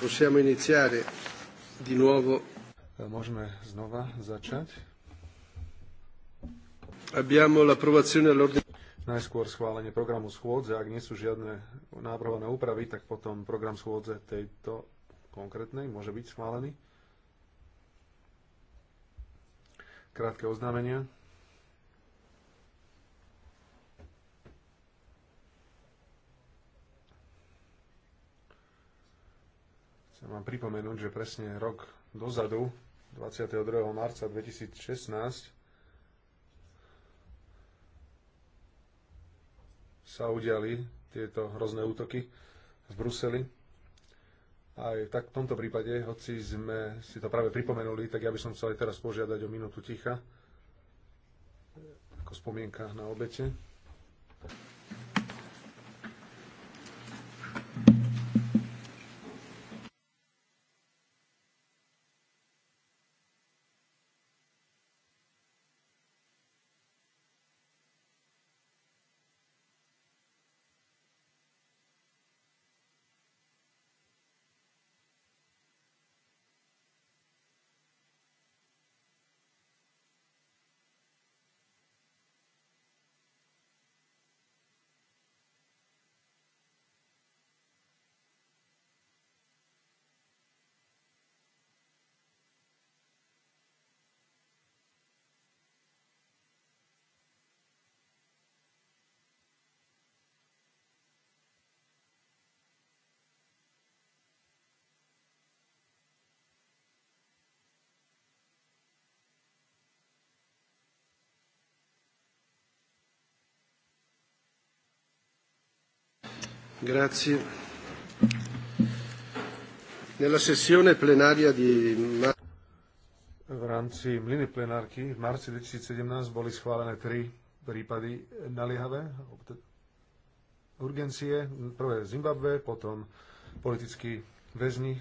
Possiamo iniziare di nuovo. Eh, môžeme znova začať. Abbiamo l'approvazione all'ordine. Najskôr schválenie programu schôdze. Ak nie sú žiadne návrhované úpravy, tak potom program schôdze tejto konkrétnej môže byť schválený. Krátke oznámenia. Chcem vám pripomenúť, že presne rok dozadu, 22. marca 2016, sa udiali tieto hrozné útoky v Bruseli. Aj tak v tomto prípade, hoci sme si to práve pripomenuli, tak ja by som chcel aj teraz požiadať o minútu ticha ako spomienka na obete. Grazie. Nella sessione plenaria di v rámci mlyny plenárky v marci 2017 boli schválené tri prípady naliehavé urgencie. Prvé Zimbabwe, potom politickí väzni e,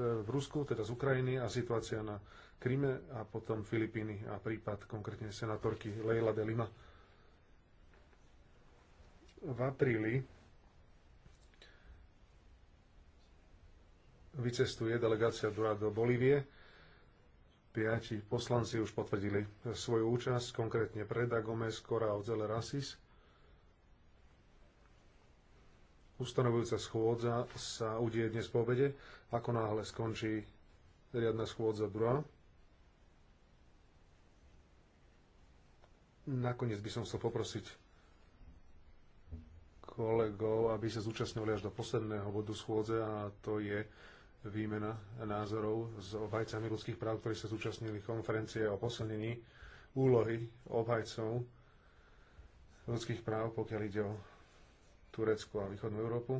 v Rusku, teda z Ukrajiny a situácia na Kríme a potom Filipíny a prípad konkrétne senátorky Leila de Lima. V apríli vycestuje delegácia Dura do Bolívie. Piati poslanci už potvrdili svoju účasť, konkrétne Preda Gomez, Cora Odzele Rasis. Ustanovujúca schôdza sa udie dnes po obede, ako náhle skončí riadna schôdza Dura. Nakoniec by som chcel poprosiť kolegov, aby sa zúčastňovali až do posledného bodu schôdze a to je výmena názorov s obhajcami ľudských práv, ktorí sa zúčastnili konferencie o posilnení úlohy obhajcov ľudských práv, pokiaľ ide o Turecku a východnú Európu.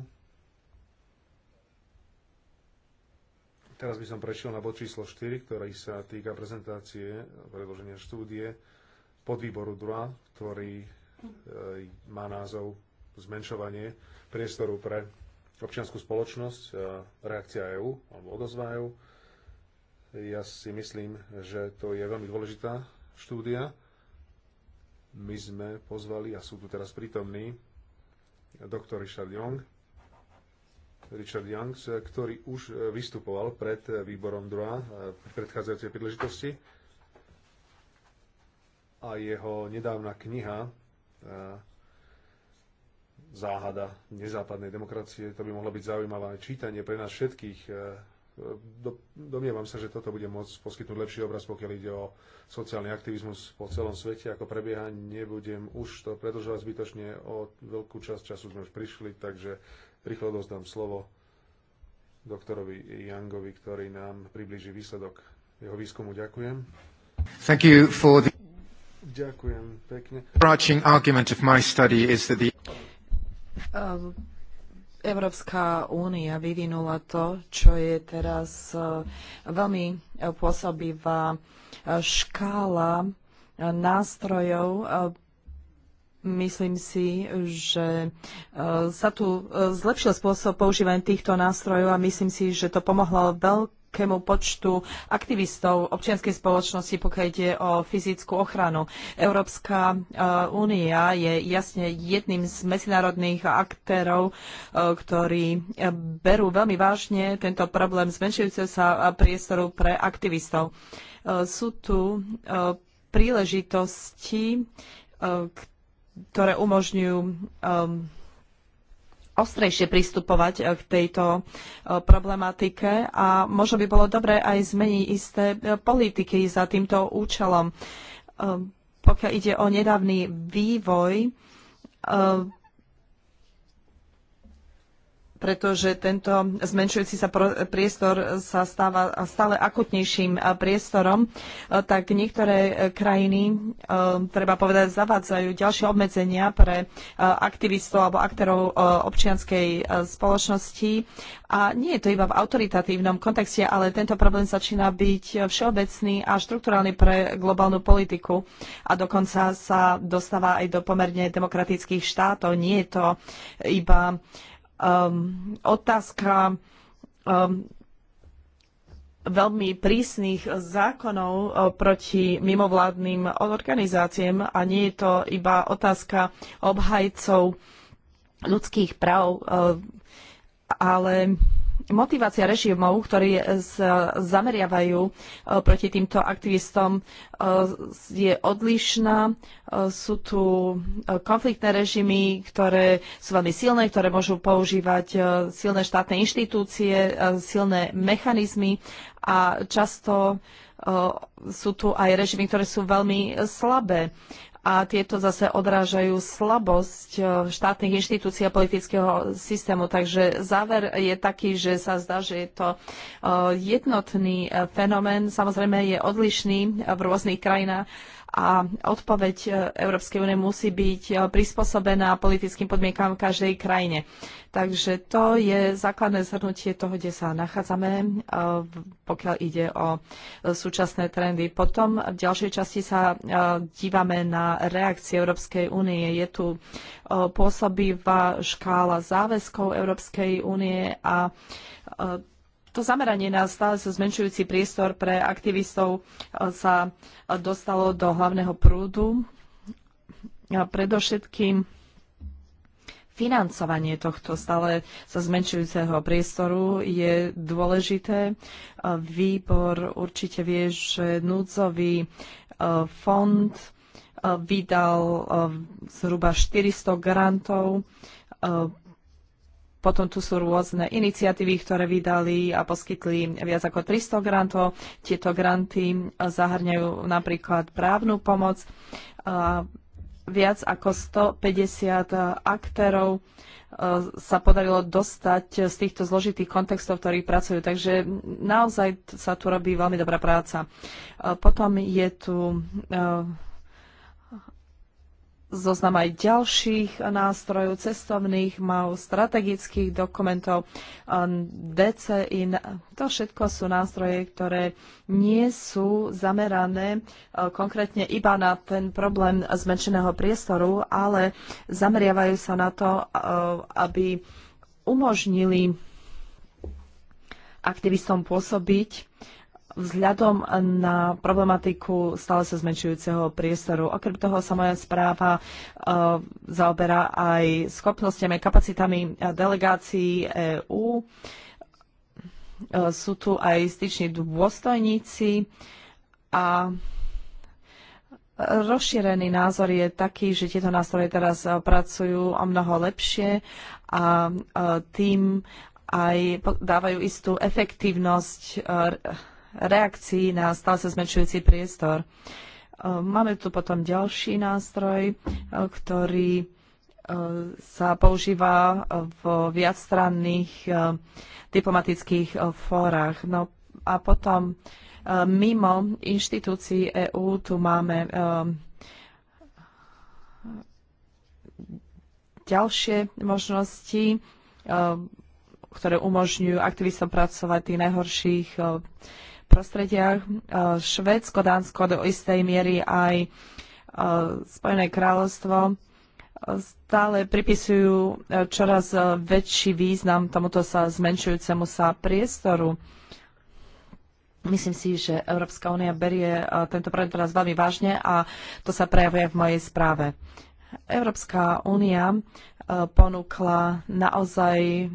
Teraz by som prešiel na bod číslo 4, ktorý sa týka prezentácie predloženia štúdie podvýboru 2, ktorý e, má názov zmenšovanie priestoru pre občianskú spoločnosť, e, reakcia EÚ alebo odozva EÚ. Ja si myslím, že to je veľmi dôležitá štúdia. My sme pozvali a sú tu teraz prítomní doktor Richard Young, Richard Young, e, ktorý už e, vystupoval pred výborom druhá v predchádzajúcej príležitosti a jeho nedávna kniha záhada nezápadnej demokracie. To by mohlo byť zaujímavé čítanie pre nás všetkých. E, do, domnievam sa, že toto bude môcť poskytnúť lepší obraz, pokiaľ ide o sociálny aktivizmus po celom svete, ako prebieha. Nebudem už to predlžovať zbytočne, o veľkú časť času sme už prišli, takže rýchlo dozdám slovo doktorovi Yangovi, ktorý nám približí výsledok jeho výskumu. Ďakujem. Thank you for the... Ďakujem pekne. Overarching argument of my study is that the Ehm, Európska únia vyvinula to, čo je teraz eh, veľmi eh, pôsobivá eh, škála nástrojov. Myslím si, že sa tu zlepšil spôsob používania týchto nástrojov a myslím si, že to pomohlo veľk veľkému počtu aktivistov občianskej spoločnosti, pokiaľ ide o fyzickú ochranu. Európska eh, únia je jasne jedným z medzinárodných aktérov, eh, ktorí eh, berú veľmi vážne tento problém zmenšujúce sa priestoru pre aktivistov. Sú tu príležitosti, ktoré umožňujú ostrejšie pristupovať e, k tejto e, problematike a možno by bolo dobré aj zmeniť isté e, politiky za týmto účelom. Pokiaľ ide o nedávny vývoj, pretože tento zmenšujúci sa priestor sa stáva stále akutnejším eh, priestorom, eh, tak niektoré eh, krajiny, treba povedať, zavádzajú ďalšie obmedzenia pre aktivistov alebo aktérov občianskej spoločnosti. A nie je to iba v autoritatívnom kontexte, ale tento problém začína byť všeobecný a štruktúrálny pre globálnu politiku a dokonca sa dostáva aj do pomerne demokratických štátov. Nie je to iba uh, um, otázka um, veľmi prísnych zákonov uh, proti mimovládnym organizáciám a nie je to iba otázka obhajcov ľudských práv, uh, ale motivácia režimov, ktorí zameriavajú e, proti týmto aktivistom, e, je odlišná. E, sú tu konfliktné režimy, ktoré sú veľmi silné, ktoré môžu používať silné štátne inštitúcie, silné mechanizmy a často sú tu aj režimy, ktoré sú veľmi slabé a tieto zase odrážajú slabosť eh, štátnych inštitúcií a politického systému. Takže záver je taký, že sa zdá, že je to eh, jednotný eh, fenomén. Samozrejme je odlišný v rôznych krajinách a odpoveď e, Európskej únie musí byť e, prispôsobená politickým podmienkám v každej krajine. Takže to je základné zhrnutie toho, kde sa nachádzame, e, pokiaľ ide o súčasné trendy. Potom v ďalšej časti sa dívame na reakcie Európskej únie. Je tu pôsobivá škála záväzkov Európskej únie a to zameranie na stále sa zmenšujúci priestor pre aktivistov e, sa e, dostalo do hlavného prúdu. A predovšetkým financovanie tohto stále sa zmenšujúceho priestoru je dôležité. E, výbor určite vie, že núdzový fond vydal zhruba 400 grantov potom tu sú rôzne iniciatívy, ktoré vydali a poskytli viac ako 300 grantov. Tieto granty e, zahrňajú napríklad právnu pomoc, e, viac ako 150 aktérov e, sa podarilo dostať z týchto zložitých kontextov, v ktorých pracujú. Takže naozaj sa tu robí veľmi dobrá práca. Potom je tu zoznam aj ďalších nástrojov, cestovných mal strategických dokumentov, um, DCI. To všetko sú nástroje, ktoré nie sú zamerané uh, konkrétne iba na ten problém zmenšeného priestoru, ale zameriavajú sa na to, uh, aby umožnili aktivistom pôsobiť Vzhľadom na problematiku stále sa zmenšujúceho priestoru. Okrem toho sa moja správa uh, zaoberá aj schopnosťami a kapacitami e, delegácií EÚ. Uh, e, sú tu aj styční dôstojníci a rozšírený názor je taký, že tieto nástroje teraz pracujú o mnoho lepšie a tým aj dávajú istú efektívnosť reakcií na stále sa zmenšujúci priestor. E, máme tu potom ďalší nástroj, e, ktorý e, sa používa v viacstranných diplomatických fórach. No a potom mimo inštitúcií EÚ tu máme ďalšie možnosti, ktoré umožňujú aktivistom pracovať v tých najhorších prostrediach. E, Švedsko, Dánsko do istej miery aj e, Spojené kráľovstvo e, stále pripisujú čoraz väčší význam tomuto sa zmenšujúcemu sa priestoru. Myslím si, že Európska únia berie tento projekt teraz veľmi vážne a to sa prejavuje v mojej správe. Európska únia ponúkla naozaj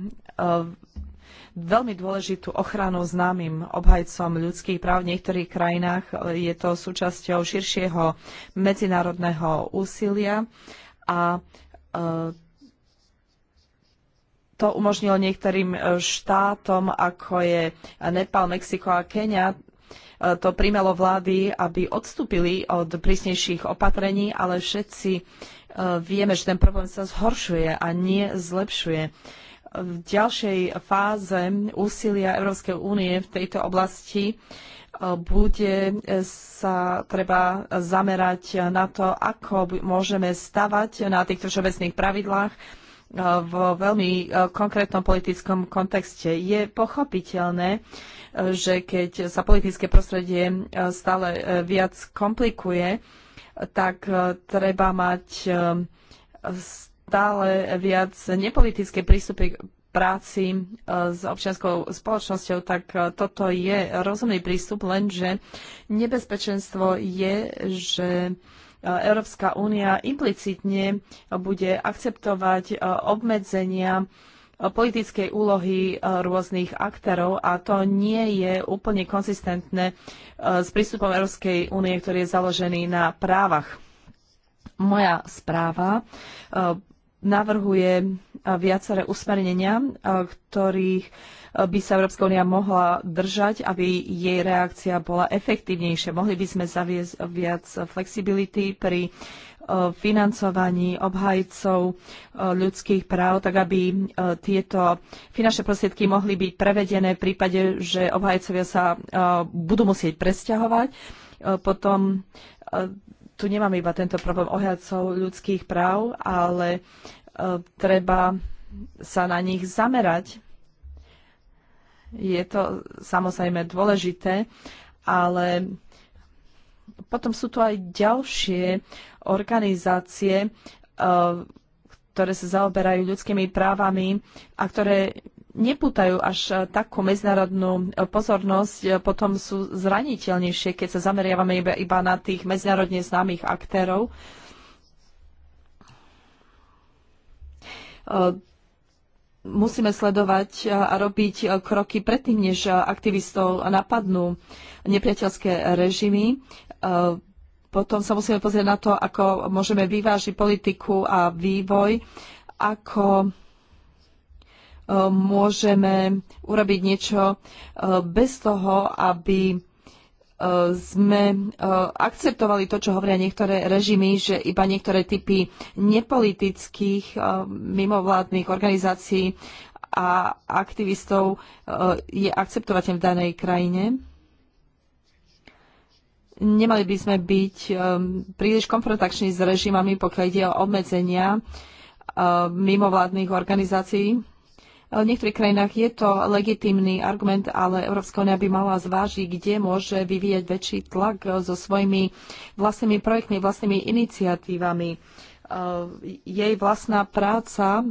veľmi dôležitú ochranu známym obhajcom ľudských práv. V niektorých krajinách je to súčasťou širšieho medzinárodného úsilia a e, to umožnilo niektorým e, štátom, ako je Nepal, Mexiko a Kenia, e, to primelo vlády, aby odstúpili od prísnejších opatrení, ale všetci vieme, že ten problém sa zhoršuje a nie zlepšuje v ďalšej fáze úsilia Európskej únie v tejto oblasti e, bude e, sa treba zamerať na to, ako môžeme stavať na týchto všeobecných pravidlách e, v veľmi konkrétnom politickom kontexte. Je pochopiteľné, že keď sa politické prostredie stále viac komplikuje, tak treba mať stále viac nepolitické prístupy k práci e, s občianskou spoločnosťou, tak e, toto je rozumný prístup, lenže nebezpečenstvo je, že e, Európska únia implicitne bude akceptovať obmedzenia politickej úlohy rôznych aktérov a to nie je úplne konzistentné s prístupom Európskej únie, ktorý je založený na právach. Moja správa navrhuje viaceré usmernenia, eh, ktorých eh, by sa Európska únia mohla držať, aby jej reakcia bola efektívnejšia. Mohli by sme zaviesť viac flexibility pri eh, financovaní obhajcov ľudských práv, tak aby tieto finančné prostriedky mohli byť prevedené v prípade, že obhajcovia sa budú musieť presťahovať. Potom tu nemáme iba tento problém ohľadcov ľudských práv, ale e, treba sa na nich zamerať. Je to samozrejme dôležité, ale potom sú tu aj ďalšie organizácie, e, ktoré sa zaoberajú ľudskými právami a ktoré Neputajú až e, takú medzinárodnú e, pozornosť, e, potom sú zraniteľnejšie, keď sa zameriavame iba, iba na tých medzinárodne známych aktérov. Musíme sledovať a robiť kroky predtým, než aktivistov napadnú nepriateľské režimy. Potom sa musíme pozrieť na to, ako môžeme vyvážiť politiku a vývoj, ako E, môžeme urobiť niečo e, bez toho, aby e, sme akceptovali to, čo hovoria niektoré režimy, že iba niektoré typy nepolitických mimovládnych organizácií a aktivistov je akceptovateľ v danej krajine. Nemali by sme byť príliš konfrontační s režimami, pokiaľ ide o obmedzenia mimovládnych organizácií, v niektorých krajinách je to legitímny argument, ale Európska únia by mala zvážiť, kde môže vyvíjať väčší tlak so svojimi vlastnými projektmi, vlastnými iniciatívami. Eh, jej vlastná práca eh,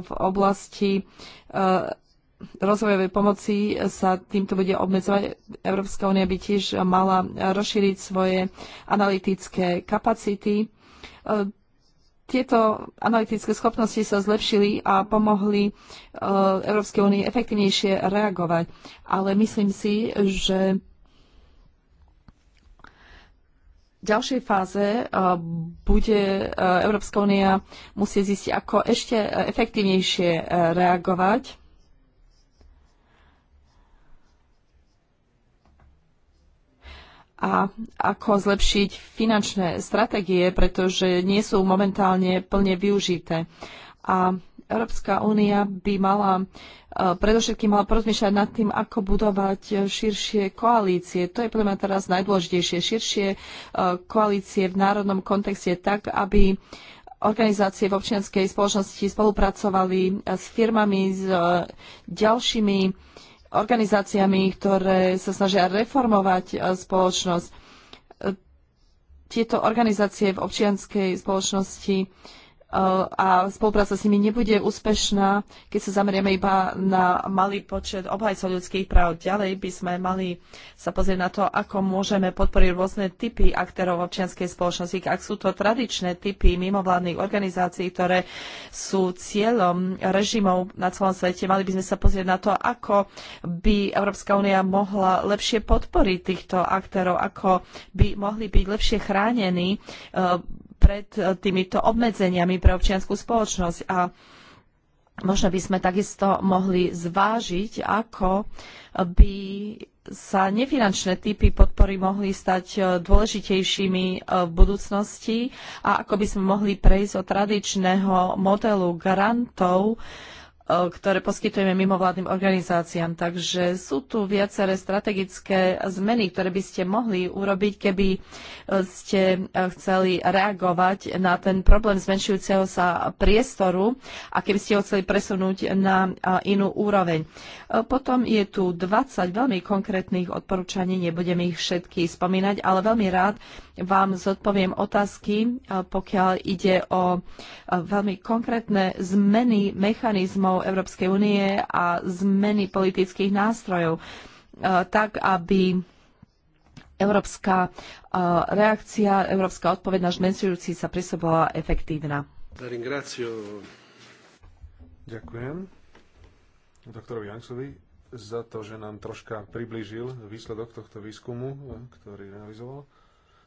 v oblasti eh, rozvojovej pomoci sa týmto bude obmedzovať. Európska únia by tiež mala rozšíriť svoje analytické kapacity tieto analytické schopnosti sa zlepšili a pomohli e, Európskej únii efektívnejšie reagovať. Ale myslím si, že v ďalšej fáze e, bude e, Európska únia musieť zistiť, ako ešte efektívnejšie reagovať a ako zlepšiť finančné stratégie, pretože nie sú momentálne plne využité. A Európska únia by mala e, predovšetkým mala porozmýšľať nad tým, ako budovať širšie koalície. To je pre mňa teraz najdôležitejšie. Širšie e, koalície v národnom kontexte tak, aby organizácie v občianskej spoločnosti spolupracovali s firmami, s e, ďalšími organizáciami, ktoré sa snažia reformovať e, spoločnosť. E, tieto organizácie v občianskej spoločnosti a spolupráca s nimi nebude úspešná, keď sa zamerieme iba na malý počet obhajcov ľudských práv. Ďalej by sme mali sa pozrieť na to, ako môžeme podporiť rôzne typy aktérov občianskej spoločnosti. Ak sú to tradičné typy mimovládnych organizácií, ktoré sú cieľom režimov na celom svete, mali by sme sa pozrieť na to, ako by Európska únia mohla lepšie podporiť týchto aktérov, ako by mohli byť lepšie chránení eh, pred e, týmito obmedzeniami pre občianskú spoločnosť. A možno by sme takisto mohli zvážiť, ako by sa nefinančné typy podpory mohli stať e, dôležitejšími e, v budúcnosti a ako by sme mohli prejsť od tradičného modelu grantov Eh, ktoré poskytujeme mimovládnym organizáciám. Takže sú tu viaceré strategické zmeny, ktoré by ste mohli urobiť, keby eh, ste eh, chceli reagovať na ten problém zmenšujúceho sa priestoru a keby ste ho chceli presunúť na inú úroveň. Potom je tu 20 veľmi konkrétnych odporúčaní, nebudem ich všetky spomínať, ale veľmi rád vám zodpoviem otázky, e, pokiaľ ide o e, veľmi konkrétne zmeny mechanizmov Európskej únie a zmeny politických nástrojov, e, tak aby európska reakcia, európska odpoveď na žmenšujúci sa prisobovala efektívna. Ďakujem doktorovi Jansovi za to, že nám troška priblížil výsledok tohto výskumu, ktorý realizoval.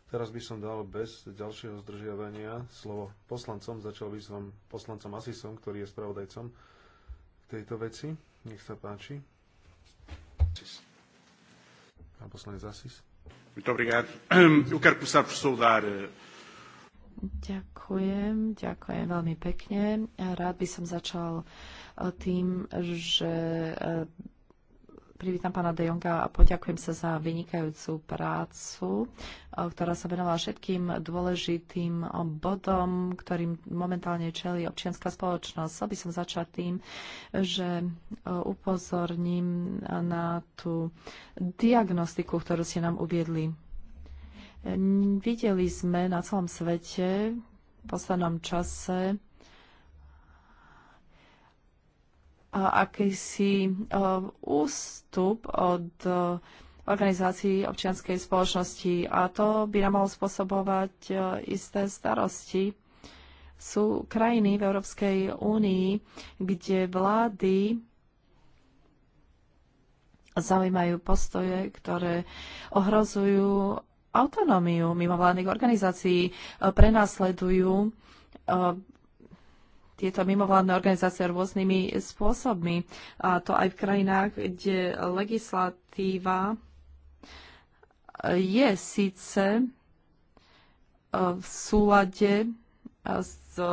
Teraz by som dal bez ďalšieho zdržiavania slovo poslancom. Začal by som poslancom Asisom, ktorý je spravodajcom tejto veci. Nech sa páči. Pán poslanec Asis. Eh, ďakujem, ďakujem veľmi pekne. Rád by som začal eh, tým, že eh, privítam pána De Jonga a poďakujem sa za vynikajúcu prácu, e, ktorá sa venovala všetkým dôležitým e, bodom, ktorým momentálne čelí občianská spoločnosť. Chcel by som začať tým, že e, upozorním na tú diagnostiku, ktorú ste nám uviedli. Videli sme na celom svete v poslednom čase akýsi e, ústup od e, organizácií občianskej spoločnosti a to by nám mohlo spôsobovať e, isté starosti. Sú krajiny v Európskej únii, kde vlády zaujímajú postoje, ktoré ohrozujú autonómiu mimovládnych organizácií, prenasledujú tieto mimovládne organizácie rôznymi spôsobmi. A to aj v krajinách, kde legislatíva je síce e, v súlade e, s e,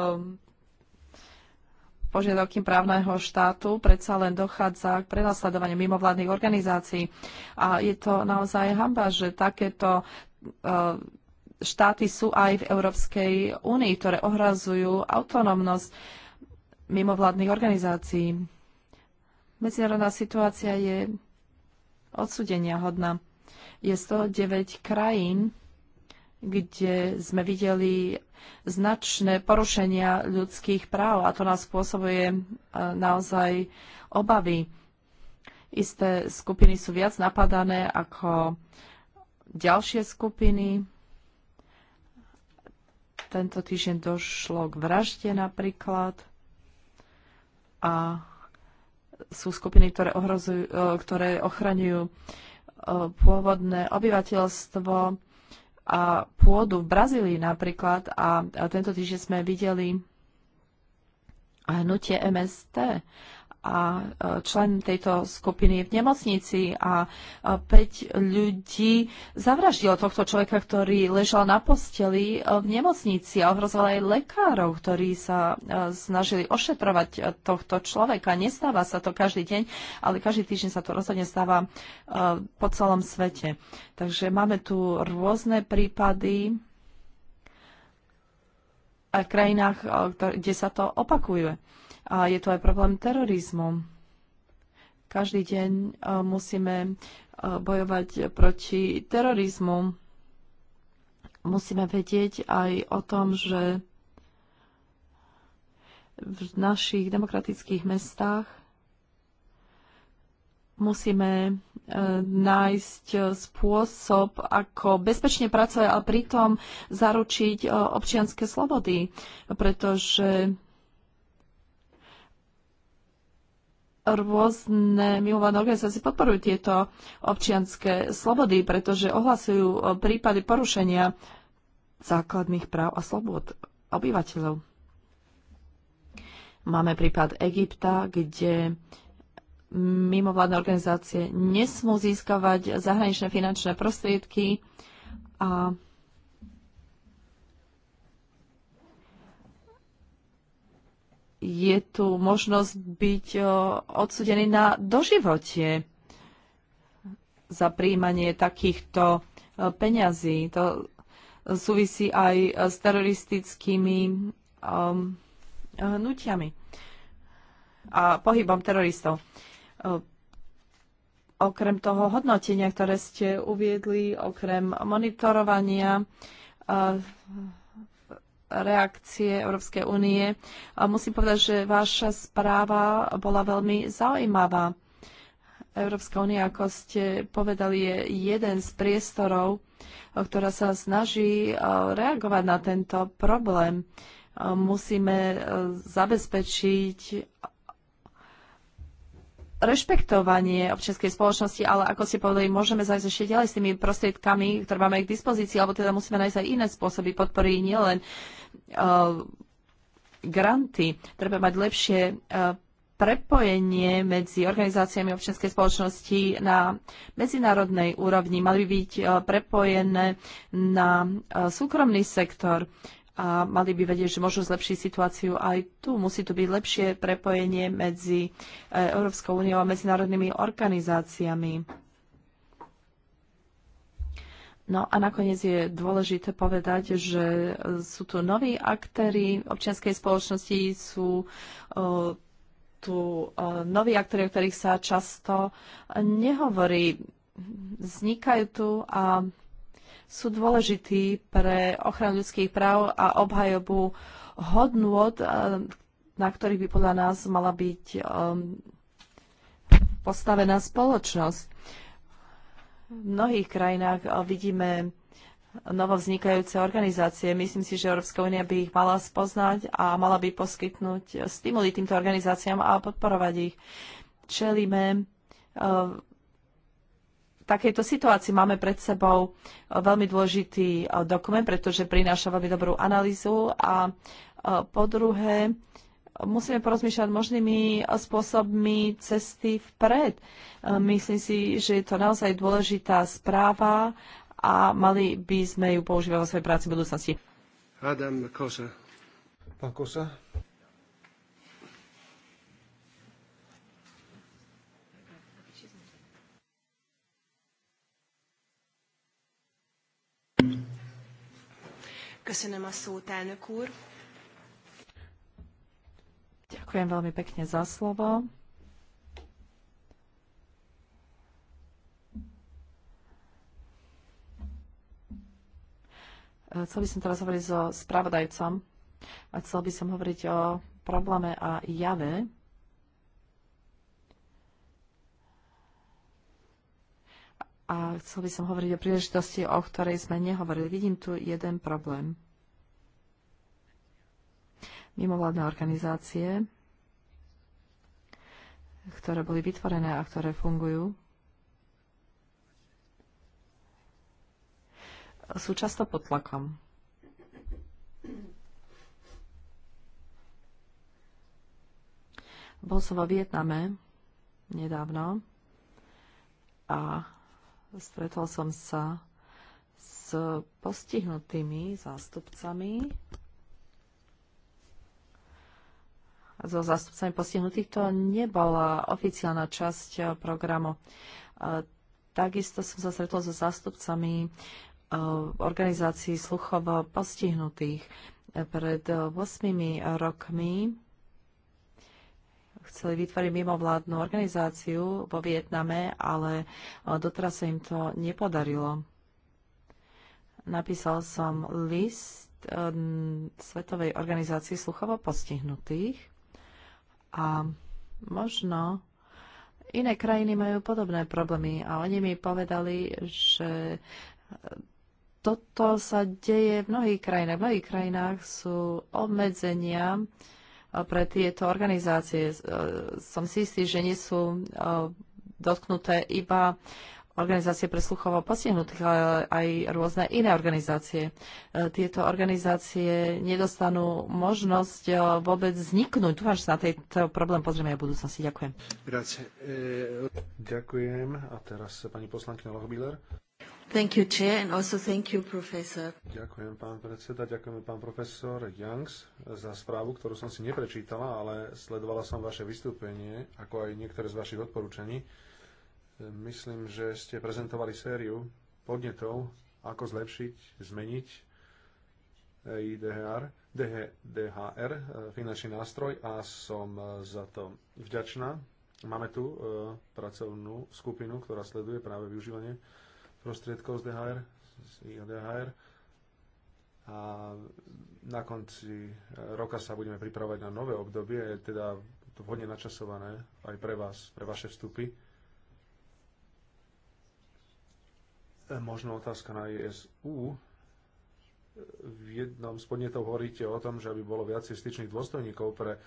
požiadavky právneho štátu, predsa len dochádza k prenasledovaniu mimovládnych organizácií. A je to naozaj hamba, že takéto štáty sú aj v Európskej únii, ktoré ohrazujú autonómnosť mimovládnych organizácií. Medzinárodná situácia je odsudenia hodná. Je 109 krajín, kde sme videli značné porušenia ľudských práv a to nás spôsobuje e, naozaj obavy. Isté skupiny sú viac napadané ako ďalšie skupiny tento týždeň došlo k vražde napríklad a sú skupiny, ktoré, ohrozujú, e, ktoré ochraňujú e, pôvodné obyvateľstvo a pôdu v Brazílii napríklad. A tento týždeň sme videli hnutie MST, a e, člen tejto skupiny je v nemocnici a 5 e, ľudí zavraždilo tohto človeka, ktorý ležal na posteli e, v nemocnici a ohrozoval aj lekárov, ktorí sa snažili ošetrovať tohto človeka. Nestáva sa to každý deň, ale každý týždeň sa to rozhodne stáva po celom svete. Takže máme tu rôzne prípady a v krajinách, kde sa to opakuje. A je to aj problém terorizmu. Každý deň e, musíme e, bojovať proti terorizmu. Musíme vedieť aj o tom, že v našich demokratických mestách musíme e, nájsť spôsob, ako bezpečne pracovať a pritom zaručiť občianske slobody, pretože rôzne milované organizácie podporujú tieto občianské slobody, pretože ohlasujú eh, prípady porušenia základných práv a slobod obyvateľov. Máme prípad Egypta, kde mimovládne organizácie nesmú získavať zahraničné finančné prostriedky a je tu možnosť byť e, odsudený na doživotie za príjmanie takýchto e, peňazí. To súvisí aj e, s teroristickými um, hnutiami a pohybom teroristov. Okrem toho hodnotenia, ktoré ste uviedli, okrem monitorovania, uh, reakcie Európskej únie. Musím povedať, že vaša správa bola veľmi zaujímavá. Európska únia, ako ste povedali, je jeden z priestorov, ktorá sa snaží eh, reagovať na tento problém. Eh, musíme eh, zabezpečiť rešpektovanie občianskej spoločnosti, ale ako ste povedali, môžeme zajsť ešte ďalej s tými prostriedkami, ktoré máme k dispozícii, alebo teda musíme nájsť aj iné spôsoby podpory, nielen uh, granty. Treba mať lepšie uh, prepojenie medzi organizáciami občianskej spoločnosti na medzinárodnej úrovni. Mali by byť uh, prepojené na uh, súkromný sektor a mali by vedieť, že môžu zlepšiť situáciu. Aj tu musí tu byť lepšie prepojenie medzi e, Európskou úniou a medzinárodnými organizáciami. No a nakoniec je dôležité povedať, že sú tu noví aktéry občianskej spoločnosti, sú e, tu e, noví aktéry, o ktorých sa často nehovorí. Vznikajú tu a sú dôležití pre ochranu ľudských práv a obhajobu hodnôt, eh, na ktorých by podľa nás mala byť eh, postavená spoločnosť. V mnohých krajinách eh, vidíme novovznikajúce organizácie. Myslím si, že Európska únia by ich mala spoznať a mala by poskytnúť stimuly týmto organizáciám a podporovať ich. Čelíme takejto situácii. Máme pred sebou eh, veľmi dôležitý eh, dokument, pretože prináša veľmi dobrú analýzu a eh, po druhé musíme porozmýšľať možnými spôsobmi cesty vpred. Myslím si, že je to naozaj dôležitá správa a mali by sme ju používať vo svojej práci v budúcnosti. Adam Kosa. Pán Kosa. Köszönöm a szót, elnök úr. Ďakujem veľmi pekne za slovo. E, chcel by som teraz hovoriť so spravodajcom a chcel by som hovoriť o probléme a jave, a chcel by som hovoriť o príležitosti, o ktorej sme nehovorili. Vidím tu jeden problém. Mimovládne organizácie, ktoré boli vytvorené a ktoré fungujú, sú často pod tlakom. Bol som vo Vietname nedávno a Stretol som sa s postihnutými zástupcami so zástupcami postihnutých. To nebola oficiálna časť programu. Takisto som sa stretol so zástupcami e, organizácií sluchovo postihnutých. E, pred 8 e, rokmi chceli vytvoriť mimovládnu organizáciu vo Vietname, ale e, doteraz sa im to nepodarilo. Napísal som list e, Svetovej organizácii sluchovo postihnutých a možno iné krajiny majú podobné problémy a oni mi povedali, že e, toto sa deje v mnohých krajinách. V mnohých krajinách sú obmedzenia pre tieto organizácie. E, som si istý, že nie sú e, dotknuté iba organizácie pre sluchovo postihnutých, ale aj rôzne iné organizácie. E, tieto organizácie nedostanú možnosť vôbec vzniknúť. Dúfam, že sa na tento problém pozrieme aj v budúcnosti. Ďakujem. Ďakujem. A teraz pani poslankyňa Lohbiller. Thank you, Chair, and also thank you, Professor. Ďakujem, pán predseda, ďakujem, pán profesor Youngs, za správu, ktorú som si neprečítala, ale sledovala som vaše vystúpenie, ako aj niektoré z vašich odporúčaní. Myslím, že ste prezentovali sériu podnetov, ako zlepšiť, zmeniť eh, IDHR, DHR, eh, finančný nástroj a som eh, za to vďačná. Máme tu pracovnú skupinu, ktorá sleduje práve využívanie prostriedkov z DHR, z DHR. A na konci e, roka sa budeme pripravať na nové obdobie, je teda to vhodne načasované aj pre vás, pre vaše vstupy. E, možno otázka na ISU. E, v jednom z podnetov hovoríte o tom, že aby bolo viacej styčných dôstojníkov pre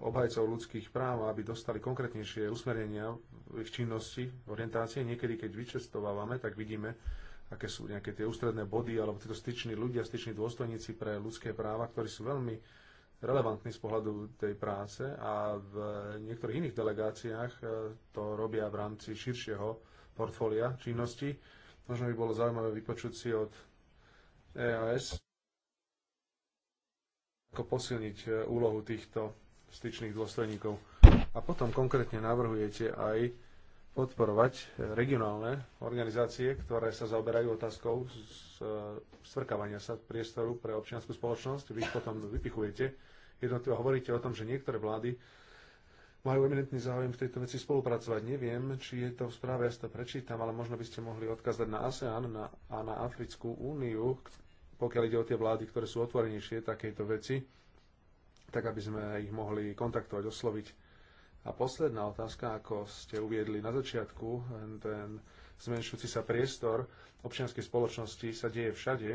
obhajcov ľudských práv, aby dostali konkrétnejšie usmerenia v ich činnosti, orientácie. Niekedy, keď vyčestovávame, tak vidíme, aké sú nejaké tie ústredné body alebo títo styční ľudia, styční dôstojníci pre ľudské práva, ktorí sú veľmi relevantní z pohľadu tej práce a v niektorých iných delegáciách e, to robia v rámci širšieho portfólia činnosti. Možno by bolo zaujímavé vypočuť si od EAS, ako posilniť e, úlohu týchto styčných dôstojníkov. A potom konkrétne navrhujete aj podporovať regionálne organizácie, ktoré sa zaoberajú otázkou svrkávania sa priestoru pre občianskú spoločnosť. Vy ich potom vypichujete. Jednotlivo hovoríte o tom, že niektoré vlády majú eminentný záujem v tejto veci spolupracovať. Neviem, či je to v správe, ja to prečítam, ale možno by ste mohli odkázať na ASEAN na, a na Africkú úniu, pokiaľ ide o tie vlády, ktoré sú otvorenejšie takéto veci tak aby sme ich mohli kontaktovať, osloviť. A posledná otázka, ako ste uviedli na začiatku, ten zmenšujúci sa priestor občianskej spoločnosti sa deje všade,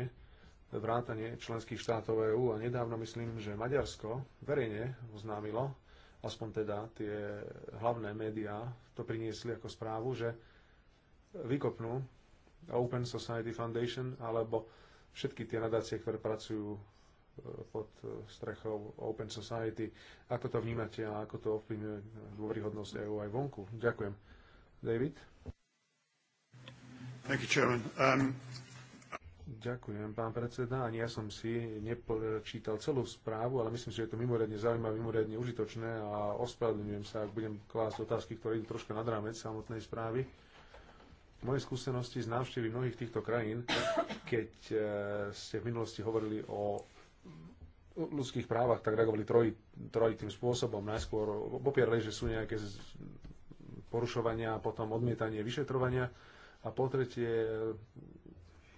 vrátanie členských štátov EÚ a nedávno myslím, že Maďarsko verejne oznámilo, aspoň teda tie hlavné médiá to priniesli ako správu, že vykopnú Open Society Foundation alebo všetky tie nadácie, ktoré pracujú pod strechou Open Society. Ako to vnímate a ako to ovplyvňuje dôveryhodnosť EU aj vonku? Ďakujem. David? Thank you, Chairman. Um... Ďakujem, pán predseda. Ani ja som si nepočítal celú správu, ale myslím si, že je to mimoriadne zaujímavé, mimoriadne užitočné a ospravedlňujem sa, ak budem klásť otázky, ktoré idú troška nad rámec samotnej správy moje skúsenosti z návštevy mnohých týchto krajín, keď eh, ste v minulosti hovorili o ľudských právach tak reagovali troj, trojitým spôsobom. Najskôr popierali, že sú nejaké porušovania, potom odmietanie vyšetrovania a po tretie eh,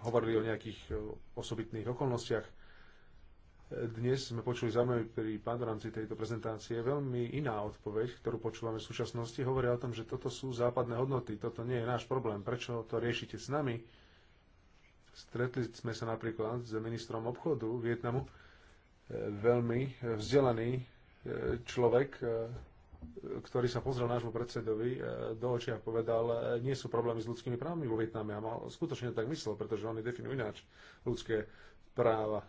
hovorili o nejakých eh, osobitných okolnostiach. Eh, dnes sme počuli zaujímavý prípad v tejto prezentácie. Veľmi iná odpoveď, ktorú počúvame v súčasnosti, hovoria o tom, že toto sú západné hodnoty, toto nie je náš problém. Prečo to riešite s nami? Stretli sme sa napríklad s ministrom obchodu Vietnamu, e, veľmi vzdelaný e, človek, e, ktorý sa pozrel nášmu predsedovi do očí a povedal, nie sú problémy s ľudskými právami vo Vietname. A mal skutočne tak myslel, pretože oni definujú ináč ľudské práva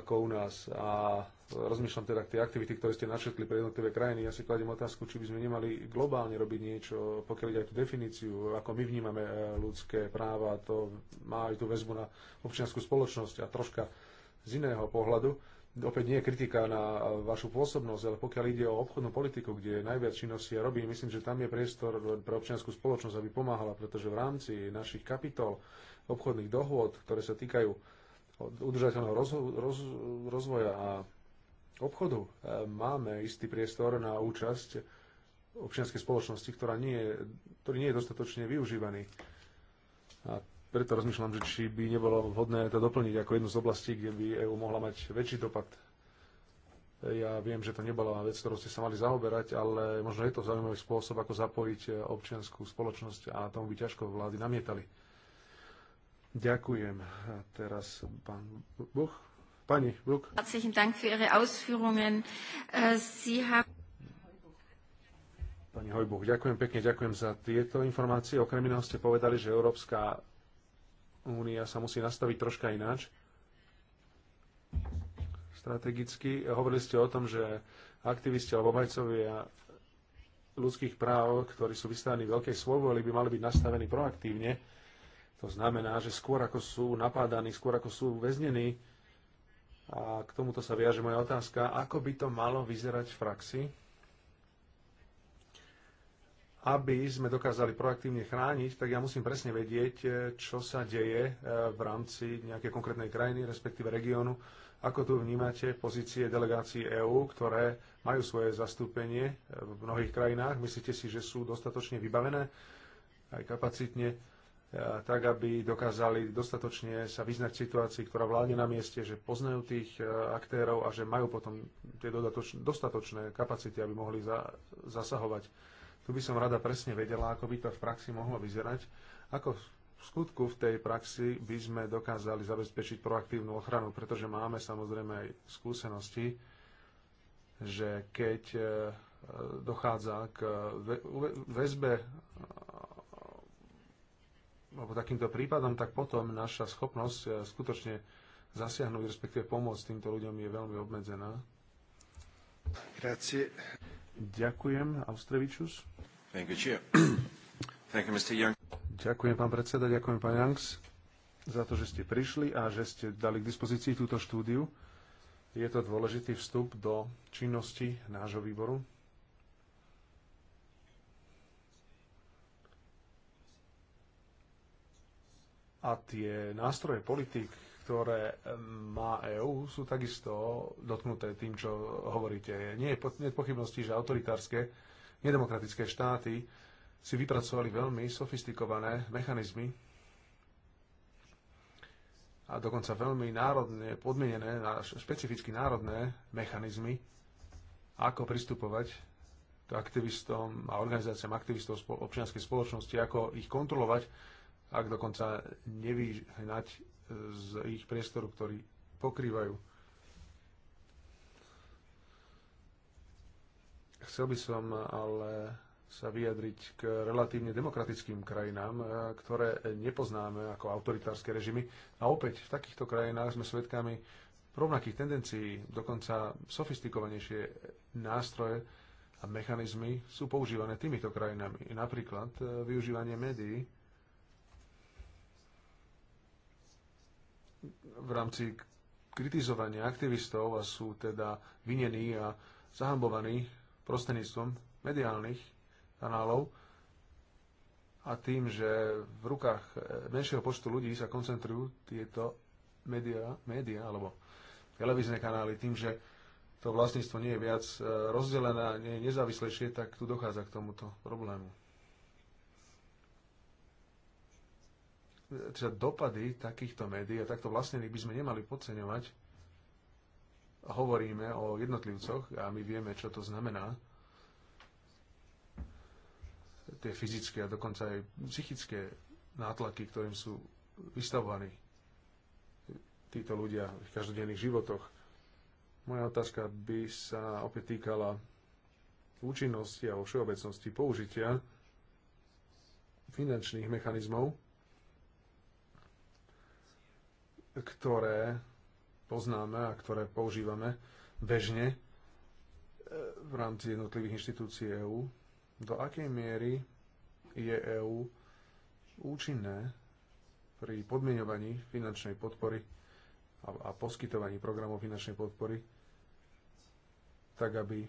ako u nás. A rozmýšľam teda tie aktivity, ktoré ste načetli pre jednotlivé krajiny. Ja si kladím otázku, či by sme nemali globálne robiť niečo, pokiaľ ide aj tú definíciu, ako my vnímame e, ľudské práva, to má aj tú väzbu na občianskú spoločnosť a troška z iného pohľadu. Opäť nie je kritika na e, vašu pôsobnosť, ale pokiaľ ide o obchodnú politiku, kde najviac činnosti ja robím, myslím, že tam je priestor pre občianskú spoločnosť, aby pomáhala, pretože v rámci našich kapitol obchodných dohôd, ktoré sa týkajú udržateľného roz, roz, rozvoja a obchodu e, máme istý priestor na účasť občianskej spoločnosti, ktorá nie je, ktorý nie je dostatočne využívaný. A preto rozmýšľam, že či by nebolo vhodné to doplniť ako jednu z oblastí, kde by EU mohla mať väčší dopad. Ja viem, že to nebola vec, ktorou ste sa mali zaoberať, ale možno je to zaujímavý spôsob, ako zapojiť občianskú spoločnosť a tomu by ťažko vlády namietali. Ďakujem. A teraz pán Boh. Pani Buch. Herzlichen Dank für Ihre Ausführungen. Äh, Sie haben Pani Hojbuch, ďakujem pekne, ďakujem za tieto informácie. Okrem iného ste povedali, že Európska únia sa musí nastaviť troška ináč strategicky. Hovorili ste o tom, že aktivisti alebo obhajcovia ľudských práv, ktorí sú vystavení veľkej svojvoli, by mali byť nastavení proaktívne to znamená, že skôr ako sú napádaní, skôr ako sú väznení, a k tomuto sa viaže moja otázka, ako by to malo vyzerať v praxi, aby sme dokázali proaktívne chrániť, tak ja musím presne vedieť, e, čo sa deje e, v rámci nejakej konkrétnej krajiny, respektíve regiónu. Ako tu vnímate pozície delegácií EÚ, ktoré majú svoje zastúpenie e, v mnohých krajinách? Myslíte si, že sú dostatočne vybavené aj kapacitne? tak aby dokázali dostatočne sa vyznať v situácii, ktorá vládne na mieste, že poznajú tých e, aktérov a že majú potom tie dostatočné kapacity, aby mohli za, zasahovať. Tu by som rada presne vedela, ako by to v praxi mohlo vyzerať, ako v skutku v tej praxi by sme dokázali zabezpečiť proaktívnu ochranu, pretože máme samozrejme aj skúsenosti, že keď e, e, dochádza k väzbe alebo takýmto prípadom, tak potom naša schopnosť eh, skutočne zasiahnuť, respektíve pomôcť týmto ľuďom je veľmi obmedzená. Grazie. Ďakujem, Austrevičus. Thank you, Chair. Thank you, Mr. Young. Ďakujem, pán predseda, ďakujem, pán Youngs, za to, že ste prišli a že ste dali k dispozícii túto štúdiu. Je to dôležitý vstup do činnosti nášho výboru. a tie nástroje politik, ktoré má EÚ, sú takisto dotknuté tým, čo hovoríte. Nie je, po, že autoritárske, nedemokratické štáty si vypracovali veľmi sofistikované mechanizmy a dokonca veľmi národne podmienené, špecificky národné mechanizmy, ako pristupovať k aktivistom a organizáciám aktivistov občianskej spoločnosti, ako ich kontrolovať, ak dokonca nevyhnať e, z ich priestoru, ktorý pokrývajú. Chcel by som ale sa vyjadriť k relatívne demokratickým krajinám, e, ktoré nepoznáme ako autoritárske režimy. A opäť v takýchto krajinách sme svedkami rovnakých tendencií, dokonca sofistikovanejšie nástroje a mechanizmy sú používané týmito krajinami. Napríklad e, využívanie médií v rámci kritizovania aktivistov a sú teda vinení a zahambovaní prostredníctvom mediálnych kanálov a tým, že v rukách e, menšieho počtu ľudí sa koncentrujú tieto médiá, médiá alebo televízne kanály, tým, že to vlastníctvo nie je viac e, rozdelené a nie je nezávislejšie, tak tu dochádza k tomuto problému. teda dopady takýchto médií a takto vlastnených by sme nemali podceňovať. Hovoríme o jednotlivcoch a my vieme, čo to znamená. Tie fyzické a dokonca aj psychické nátlaky, ktorým sú vystavovaní títo ľudia v každodenných životoch. Moja otázka by sa opäť týkala účinnosti a všeobecnosti použitia finančných mechanizmov ktoré poznáme a ktoré používame bežne e, v rámci jednotlivých inštitúcií EÚ. Do akej miery je EÚ účinné pri podmienovaní finančnej podpory a, a poskytovaní programov finančnej podpory, tak aby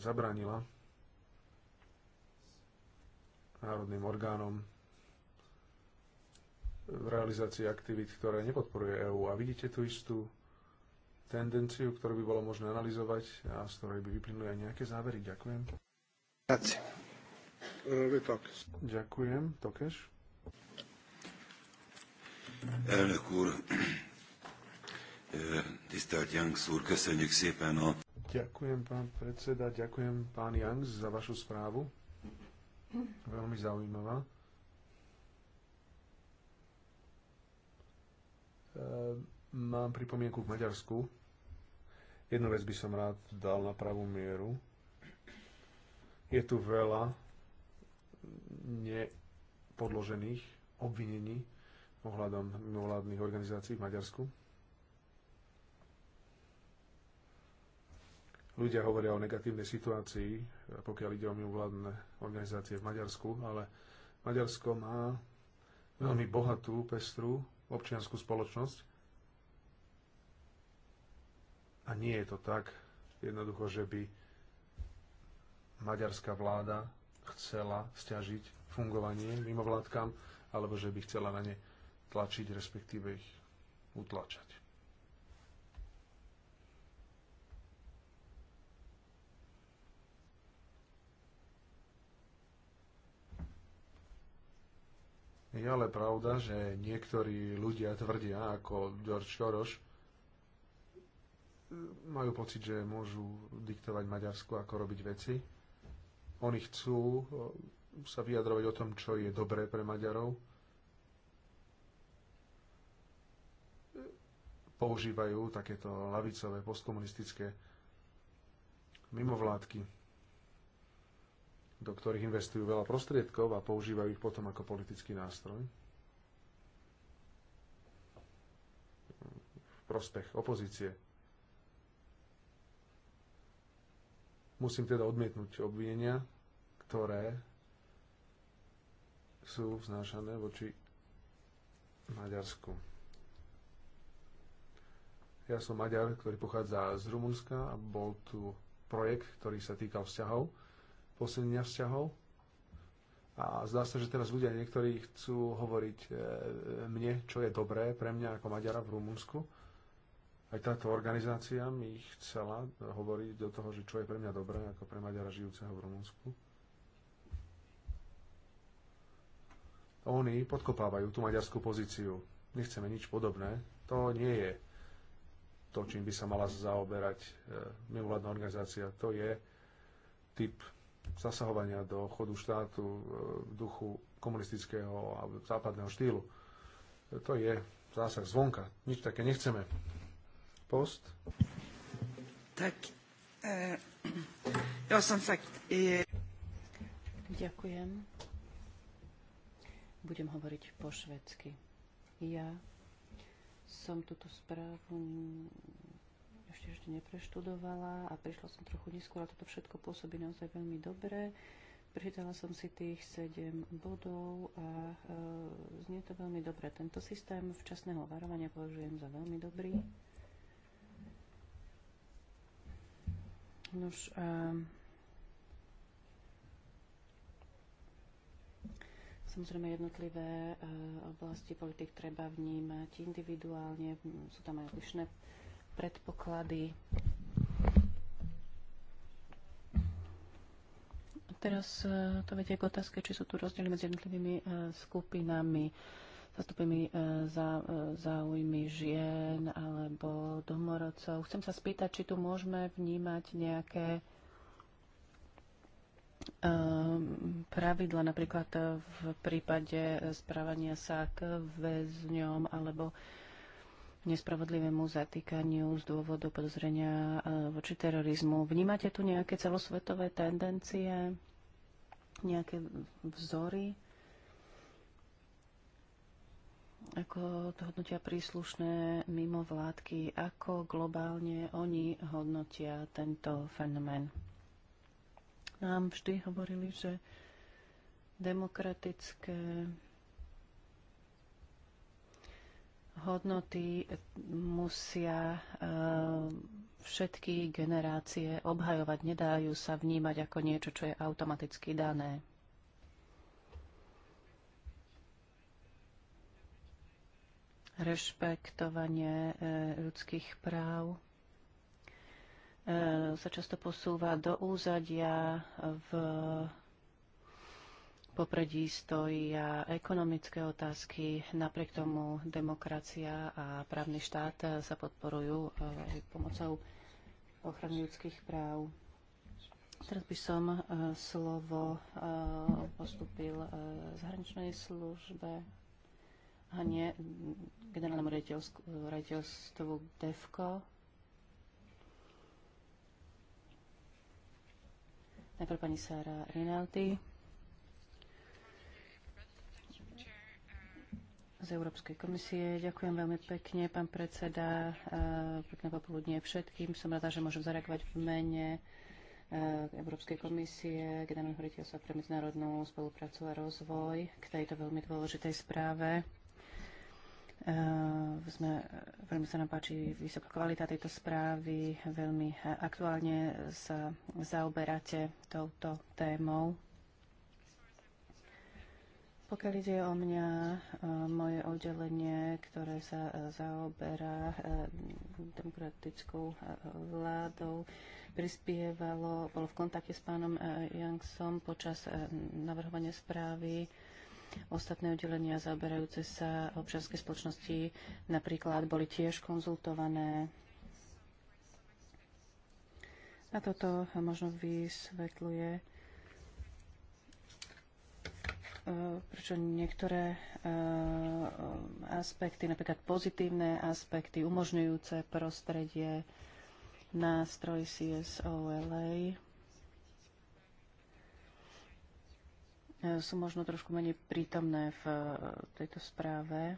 zabránila národným orgánom v realizácii aktivít, ktoré nepodporuje EÚ. A vidíte tú istú tendenciu, ktorú by bolo možné analyzovať a z ktorej by vyplynuli aj nejaké závery. Ďakujem. Ďakujem. Tokeš. Elnök úr, tisztelt Janks úr, köszönjük szépen a... Ďakujem, pán predseda, ďakujem, pán Janks, za vašu správu. Veľmi zaujímavá. Ehm, mám pripomienku v Maďarsku. Jednu vec by som rád dal na pravú mieru. Je tu veľa nepodložených obvinení ohľadom mimovládnych organizácií v Maďarsku. Ľudia hovoria o negatívnej situácii, eh, pokiaľ ide o mimovládne organizácie v Maďarsku, ale Maďarsko má veľmi bohatú, pestrú občianskú spoločnosť. A nie je to tak jednoducho, že by maďarská vláda chcela stiažiť fungovanie mimovládkam, alebo že by chcela na ne tlačiť, respektíve ich utlačať. Je ale pravda, že niektorí ľudia tvrdia, ako George Soros, majú pocit, že môžu diktovať Maďarsku, ako robiť veci. Oni chcú eh, sa vyjadrovať o tom, čo je dobré pre Maďarov, používajú takéto lavicové postkomunistické mimovládky do ktorých investujú veľa prostriedkov a používajú ich potom ako politický nástroj v prospech opozície. Musím teda odmietnúť obvinenia, ktoré sú vznášané voči Maďarsku. Ja som Maďar, ktorý pochádza z Rumunska a bol tu projekt, ktorý sa týkal vzťahov posilnenia vzťahov. A zdá sa, že teraz ľudia niektorí chcú hovoriť e, mne, čo je dobré pre mňa ako Maďara v Rumunsku. Aj táto organizácia mi chcela hovoriť do toho, že čo je pre mňa dobré ako pre Maďara žijúceho v Rumunsku. Oni podkopávajú tú maďarskú pozíciu. Nechceme nič podobné. To nie je to, čím by sa mala zaoberať e, mimovládna organizácia. To je typ zasahovania do chodu štátu e, v duchu komunistického a západného štýlu. E, to je zásah zvonka. Nič také nechceme. Post. Tak. E, ja som sagt... E... Ďakujem. Budem hovoriť po švedsky. Ja som túto správu ešte nepreštudovala a prišla som trochu neskôr ale toto všetko pôsobí naozaj veľmi dobre. Prečítala som si tých 7 bodov a e, znie to veľmi dobre. Tento systém včasného varovania považujem za veľmi dobrý. Nož, e, Samozrejme, jednotlivé e, oblasti politik treba vnímať individuálne, sú tam aj odlišné predpoklady. Teraz e, to viete k otázke, či sú tu rozdiely medzi jednotlivými e, skupinami zastupujmi e, za, záujmy žien alebo domorodcov. Chcem sa spýtať, či tu môžeme vnímať nejaké pravidla, napríklad v prípade správania sa k väzňom alebo nespravodlivému zatýkaniu z dôvodu podozrenia e, voči terorizmu. Vnímate tu nejaké celosvetové tendencie, nejaké vzory? Ako to hodnotia príslušné mimo vládky, Ako globálne oni hodnotia tento fenomén? Nám vždy hovorili, že demokratické Hodnoty musia eh, všetky generácie obhajovať, nedajú sa vnímať ako niečo, čo je automaticky dané. Rešpektovanie eh, ľudských práv eh, sa často posúva do úzadia v popredí stoja ekonomické otázky. Napriek tomu demokracia a právny štát sa podporujú e, pomocou ochrany ľudských práv. Teraz by som e, slovo e, postupil zahraničnej službe a nie generálnemu rejiteľstvu DEFCO. Najprv pani Sara Rinaldi. z Európskej komisie. Ďakujem veľmi pekne, pán predseda. E, pekné popoludnie všetkým. Som rada, že môžem zareagovať v mene e, Európskej komisie, generálneho riaditeľstva pre medzinárodnú spoluprácu a rozvoj k tejto veľmi dôležitej správe. E, sme, veľmi sa nám páči vysoká kvalita tejto správy, veľmi aktuálne sa zaoberáte touto témou. Pokiaľ ide o mňa, uh, oddelenie, ktoré sa e, zaoberá e, demokratickou e, vládou, prispievalo, bolo v kontakte s pánom Youngsom počas navrhovania správy ostatné oddelenia zaoberajúce sa občianskej spoločnosti napríklad boli tiež konzultované. A toto možno vysvetľuje Eh, prečo niektoré eh, aspekty, napríklad pozitívne aspekty, umožňujúce prostredie, nástroj CSOLA, eh, sú možno trošku menej prítomné v tejto správe.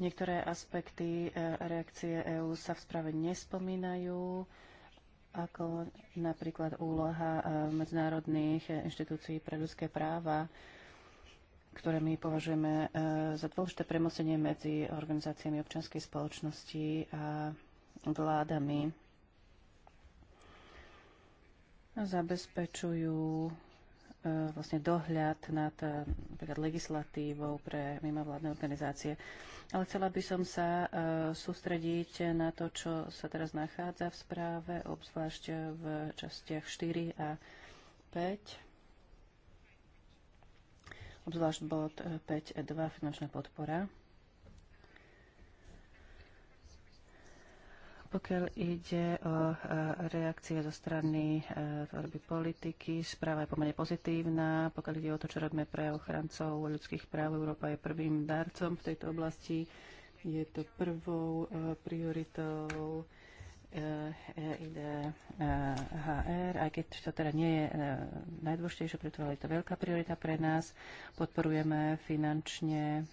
Niektoré aspekty reakcie EÚ sa v správe nespomínajú ako napríklad úloha eh, medzinárodných inštitúcií pre ľudské práva, ktoré my považujeme eh, za dôležité premosenie medzi organizáciami občianskej spoločnosti a vládami. Zabezpečujú E, vlastne dohľad nad e, napríklad legislatívou pre mimovládne organizácie. Ale chcela by som sa e, sústrediť na to, čo sa teraz nachádza v správe, obzvlášť v častiach 4 a 5, obzvlášť bod 5.2 finančná podpora. Pokiaľ ide o e, reakcie zo strany e, tvorby politiky, správa je pomerne pozitívna. Pokiaľ ide o to, čo robíme pre ochrancov ľudských práv, Európa je prvým darcom v tejto oblasti. Je to prvou e, prioritou IDHR, aj keď to teda nie je najdôležitejšie, pretože je to veľká priorita pre nás. Podporujeme finančne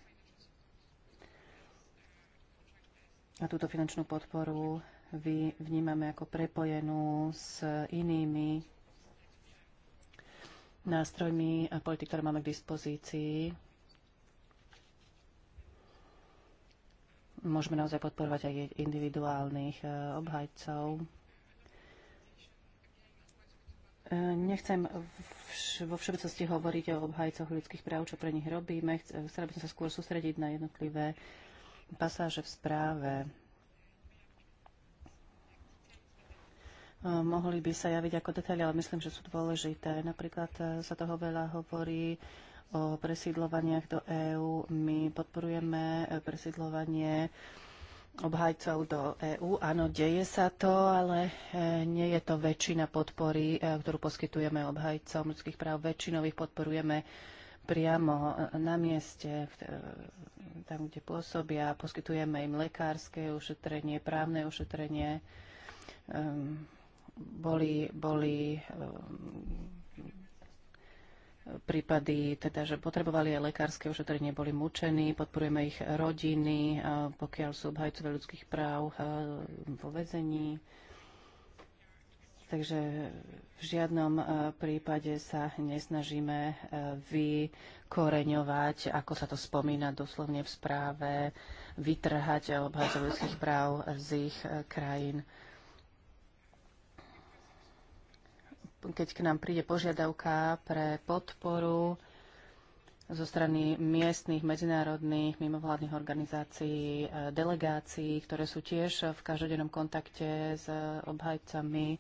A túto finančnú podporu vy vnímame ako prepojenú s inými nástrojmi a politik, ktoré máme k dispozícii. Môžeme naozaj podporovať aj individuálnych e, obhajcov. E, nechcem vo všeobecnosti hovoriť o obhajcoch ľudských práv, čo pre nich robíme. Chcela by som sa skôr sústrediť na jednotlivé pasáže v správe eh, mohli by sa javiť ako detaily, ale myslím, že sú dôležité. Napríklad eh, sa toho veľa hovorí o presídlovaniach do EÚ. My podporujeme eh, presídlovanie obhajcov do EÚ. Áno, deje sa to, ale nie je to väčšina podpory, ktorú poskytujeme obhajcom ľudských práv. Väčšinou ich podporujeme priamo eh, na mieste, eh, tam, kde pôsobia. Poskytujeme im lekárske ošetrenie, právne ošetrenie. Ehm, boli, boli ehm, prípady, teda, že potrebovali aj lekárske ošetrenie, boli mučení, podporujeme ich rodiny, eh, pokiaľ sú obhajcovia ľudských práv vo vezení. Takže v žiadnom e, prípade sa nesnažíme e, vykoreňovať, ako sa to spomína doslovne v správe, vytrhať obhajcov ľudských práv z ich e, krajín. Keď k nám príde požiadavka pre podporu zo strany miestnych, medzinárodných, mimovládnych organizácií, delegácií, ktoré sú tiež v každodennom kontakte s obhajcami,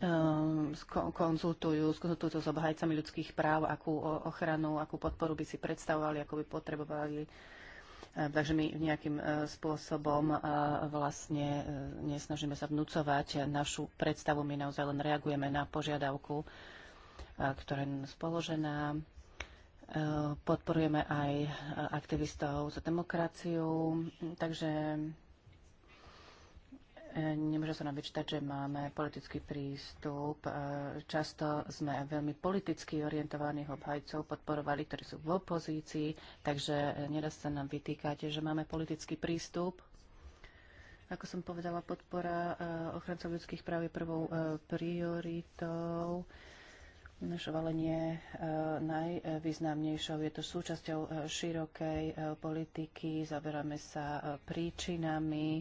Ehm, konzultujú, konzultujú s obhajcami ľudských práv, akú ochranu, akú podporu by si predstavovali, ako by potrebovali. Ehm, takže my nejakým e, spôsobom e, vlastne e, nesnažíme sa vnúcovať našu predstavu, my naozaj len reagujeme na požiadavku, ktorá je spoložená. Podporujeme aj aktivistov za demokraciu, hm, takže Nemôže sa nám vyčítať, že máme politický prístup. E, Často sme veľmi politicky orientovaných obhajcov podporovali, ktorí sú v opozícii, takže nedá sa nám vytýkať, že máme politický prístup. Ako som povedala, podpora e, ochrancov ľudských práv je prvou e, prioritou. Našovalenie najvýznamnejšou je to súčasťou širokej politiky. Zaberáme sa príčinami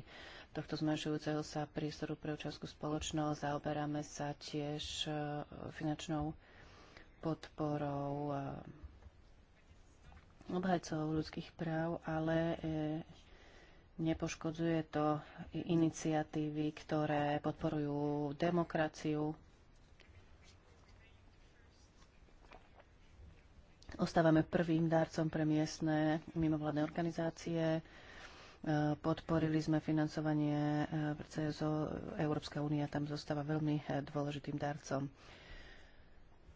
tohto zmenšujúceho sa priestoru pre občanskú spoločnosť. Zaoberáme sa tiež e, finančnou podporou e, obhajcov ľudských práv, ale e, nepoškodzuje to iniciatívy, ktoré podporujú demokraciu, Ostávame prvým dárcom pre miestne mimovládne organizácie. Podporili sme financovanie pre eh, CSO. Európska únia tam zostáva veľmi eh, dôležitým darcom.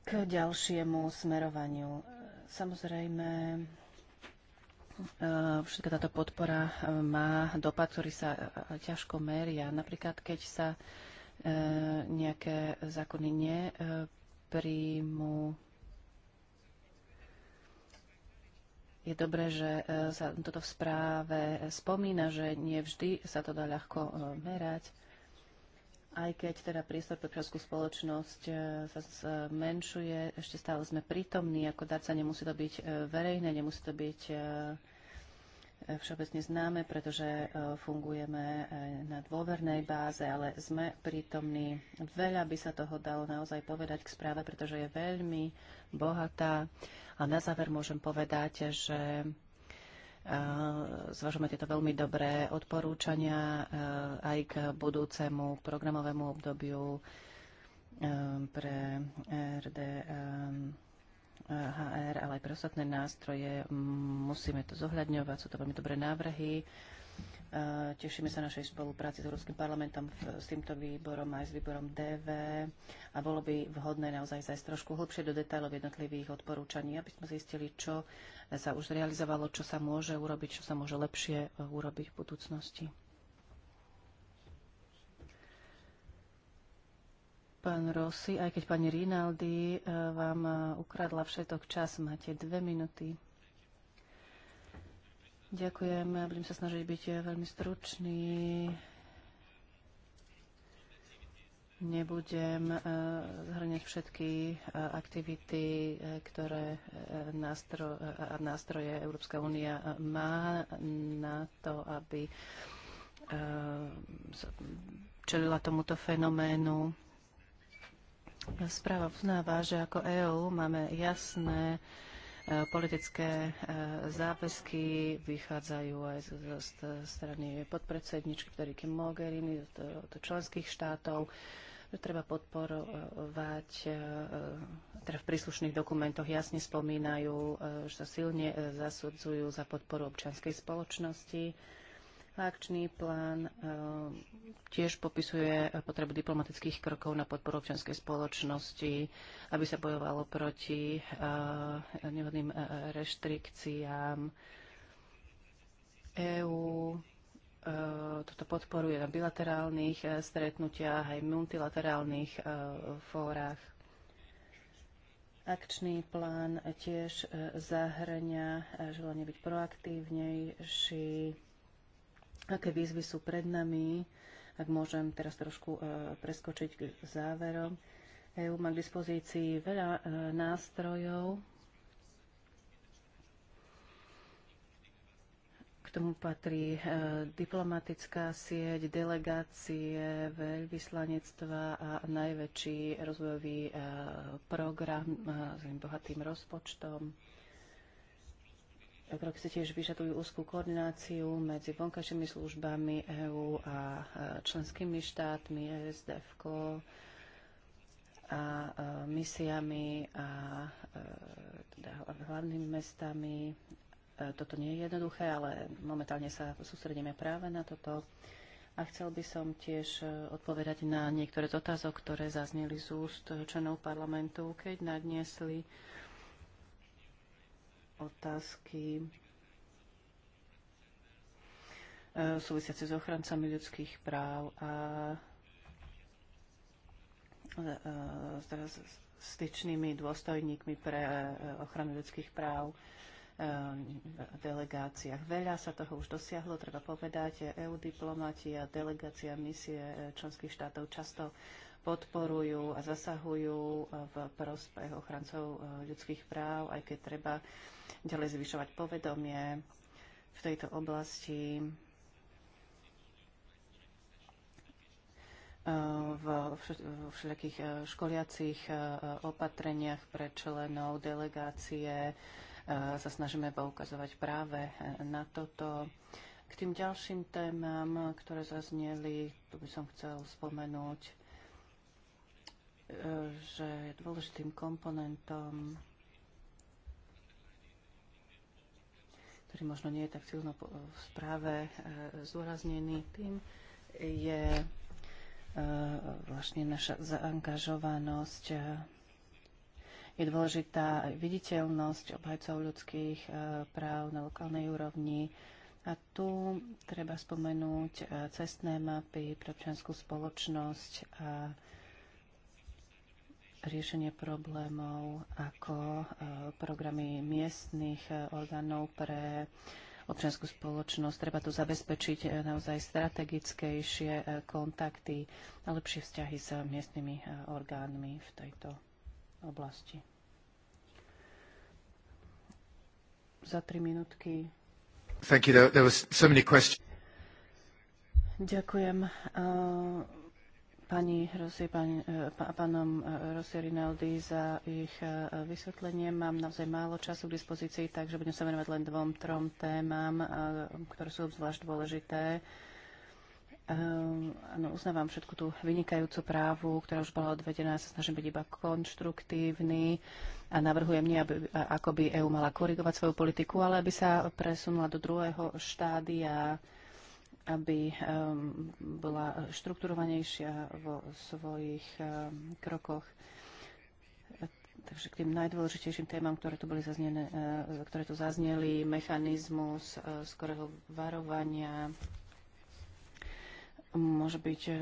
K ďalšiemu smerovaniu. Eh, samozrejme, všetka táto podpora má dopad, ktorý sa ťažko meria. Napríklad, keď sa nejaké zákony nepríjmu Je dobré, že e, sa toto v správe spomína, že nie vždy sa to dá ľahko e, merať. Aj keď teda priestor pre občanskú spoločnosť e, sa zmenšuje, ešte stále sme prítomní, ako darca nemusí to byť verejné, nemusí to byť všeobecne známe, pretože e, fungujeme e, na dôvernej báze, ale sme prítomní. Veľa by sa toho dalo naozaj povedať k správe, pretože je veľmi bohatá. A na záver môžem povedať, že e, zvažujeme tieto veľmi dobré odporúčania aj k budúcemu programovému obdobiu pre RD HR, ale aj pre ostatné nástroje. Musíme to zohľadňovať, sú to veľmi dobré návrhy. E, tešíme sa našej spolupráci s Európskym parlamentom, s týmto výborom aj s výborom DV a bolo by vhodné naozaj zajsť trošku hlbšie do detajlov jednotlivých odporúčaní, aby sme zistili, čo sa už realizovalo, čo sa môže urobiť, čo sa môže lepšie urobiť v budúcnosti. pán Rossi, aj keď pani Rinaldi eh, vám eh, ukradla všetok čas, máte dve minúty. Ďakujem, eh, budem sa snažiť byť veľmi stručný. Nebudem zhrňať všetky aktivity, ktoré nástroje Európska únia má na to, aby čelila tomuto fenoménu. Správa uznáva, že ako EÚ máme jasné e, politické e, záväzky vychádzajú aj zo strany podpredsedničky Federiky Mogherini, od členských štátov, že treba podporovať, e, teda v príslušných dokumentoch jasne spomínajú, že sa silne zasudzujú za podporu občianskej spoločnosti, Akčný plán eh, tiež popisuje potrebu diplomatických krokov na podporu občianskej spoločnosti, aby sa bojovalo proti eh, nevhodným eh, reštrikciám. EÚ toto podporuje na bilaterálnych stretnutiach aj multilaterálnych fórach. Akčný plán tiež zahrňa želanie byť proaktívnejší, aké výzvy sú pred nami, ak môžem teraz trošku e, preskočiť k záverom. EU má k dispozícii veľa e, nástrojov. K tomu patrí e, diplomatická sieť, delegácie, veľvyslanectva a najväčší rozvojový program s bohatým rozpočtom kroky si tiež vyžadujú úzkú koordináciu medzi vonkajšími službami EÚ a e, členskými štátmi ESDFK a e, misiami a e, teda hlavnými mestami. Toto nie je jednoduché, ale momentálne sa sústredíme práve na toto. A chcel by som tiež odpovedať na niektoré z otázok, ktoré zazneli z úst členov parlamentu, keď nadniesli otázky e, súvisiace s ochrancami ľudských práv a e, e, teraz styčnými dôstojníkmi pre ochranu ľudských práv v delegáciách. Veľa sa toho už dosiahlo, treba povedať. EU diplomati a delegácia misie členských štátov často podporujú a zasahujú e, v prospech ochrancov e, ľudských práv, aj keď treba ďalej zvyšovať povedomie v tejto oblasti. E, v všetkých školiacich opatreniach pre členov delegácie sa snažíme poukazovať práve na toto. K tým ďalším témam, ktoré zazneli, tu by som chcel spomenúť že dôležitým komponentom, ktorý možno nie je tak silno v správe e, zdôraznený tým, je e, vlastne naša zaangažovanosť. Je dôležitá viditeľnosť obhajcov ľudských e, práv na lokálnej úrovni. A tu treba spomenúť cestné mapy pre občianskú spoločnosť a riešenie problémov ako e, programy miestnych e, orgánov pre občianskú spoločnosť. Treba tu zabezpečiť e, naozaj strategickejšie kontakty a lepšie vzťahy s miestnymi orgánmi v tejto oblasti. Za tri minútky. Thank you. There was so many questions. Ďakujem pani Rosy, pán, e, pánom e, Rosy Rinaldi za ich e, vysvetlenie. Mám naozaj málo času k dispozícii, takže budem sa venovať len dvom, trom témam, ktoré sú obzvlášť dôležité. Áno, um, uznávam všetku tú vynikajúcu právu, ktorá už bola odvedená, sa snažím byť iba konštruktívny a navrhujem nie, aby, ako by EÚ mala korigovať svoju politiku, ale aby sa presunula do druhého štádia aby um, bola štrukturovanejšia vo svojich um, krokoch. Takže k tým najdôležitejším témam, ktoré tu, boli zaznené, uh, ktoré tu zazneli, mechanizmus uh, skorého varovania, môže byť uh,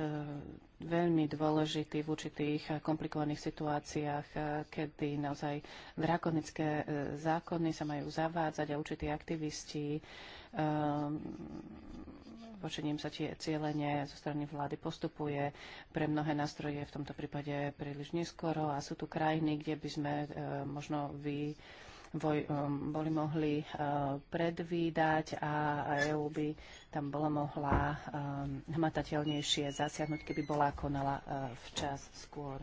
veľmi dôležitý v určitých komplikovaných situáciách, kedy naozaj drakonické zákony sa majú zavádzať a určití aktivisti um, počením sa tie cieľenie zo strany vlády postupuje. Pre mnohé nástroje v tomto prípade príliš neskoro a sú tu krajiny, kde by sme e, možno vy voj, e, boli mohli e, predvídať a EÚ by tam bola mohla hmatateľnejšie zasiahnuť, keby bola konala včas skôr.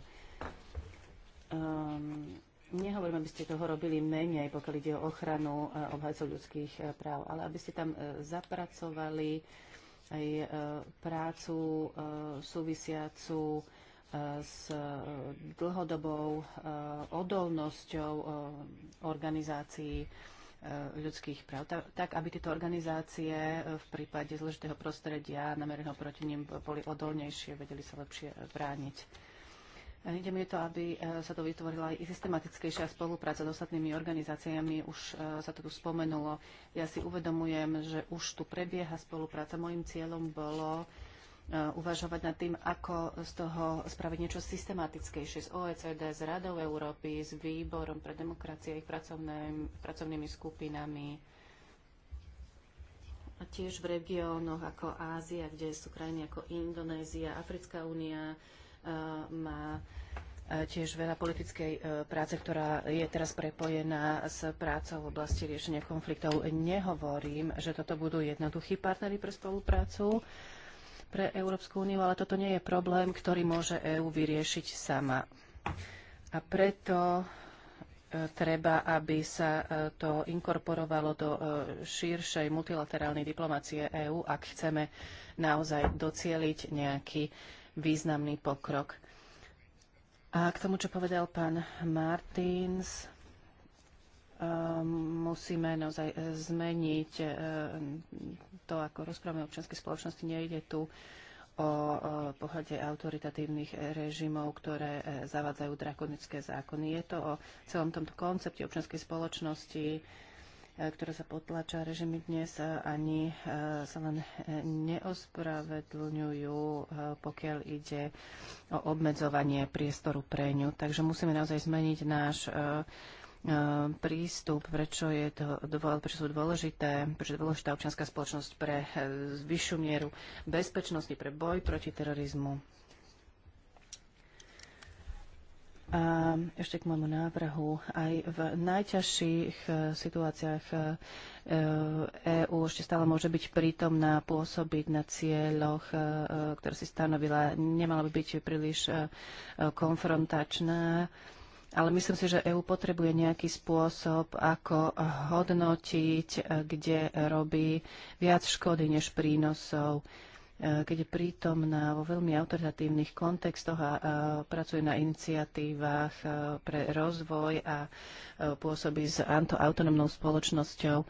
Um, nehovorím, aby ste toho robili menej, pokiaľ ide o ochranu uh, obhajcov ľudských uh, práv, ale aby ste tam uh, zapracovali uh, aj e, prácu e, súvisiacu e, s dlhodobou odolnosťou organizácií ľudských práv, tak aby tieto organizácie v prípade zložitého prostredia namereného proti nim boli odolnejšie, vedeli sa lepšie brániť. Ide mi to, aby e, sa to vytvorila aj systematickejšia spolupráca s ostatnými organizáciami. Už e, sa to tu spomenulo. Ja si uvedomujem, že už tu prebieha spolupráca. Mojím cieľom bolo e, uvažovať nad tým, ako z toho spraviť niečo systematickejšie s OECD, s Radou Európy, s Výborom pre demokracie, ich pracovné, pracovnými skupinami. A tiež v regiónoch ako Ázia, kde sú krajiny ako Indonézia, Africká únia, má e, tiež veľa politickej e, práce, ktorá je teraz prepojená s prácou v oblasti riešenia konfliktov. Nehovorím, že toto budú jednoduchí partnery pre spoluprácu pre Európsku úniu, ale toto nie je problém, ktorý môže EÚ vyriešiť sama. A preto e, treba, aby sa to inkorporovalo do širšej multilaterálnej diplomácie EÚ, ak chceme naozaj docieliť nejaký významný pokrok. A k tomu, čo povedal pán Martins, eh, musíme naozaj eh, zmeniť eh, to, ako rozprávame občianskej spoločnosti. Nejde tu o pohľade autoritatívnych režimov, ktoré zavádzajú drakonické zákony. Je to o celom tomto koncepte občianskej spoločnosti, E, ktoré sa potlača režimy dnes, e, ani e, sa len neospravedlňujú, pokiaľ ide o obmedzovanie priestoru pre ňu. Takže musíme naozaj zmeniť náš prístup, prečo, je to, prečo sú dôležité, prečo je dôležitá občianská spoločnosť pre vyššiu mieru bezpečnosti, pre boj proti terorizmu A ešte k môjmu návrhu. Aj v najťažších e, situáciách EÚ e, e ešte stále môže byť prítomná, pôsobiť na cieľoch, ktoré si stanovila. Nemala by byť príliš konfrontačná. Ale myslím si, že EÚ potrebuje nejaký spôsob, ako hodnotiť, kde robí viac škody než prínosov Eh, keď je prítomná vo veľmi autoritatívnych kontextoch a, pracuje na iniciatívach eh, pre rozvoj a eh, pôsobí s autonómnou spoločnosťou.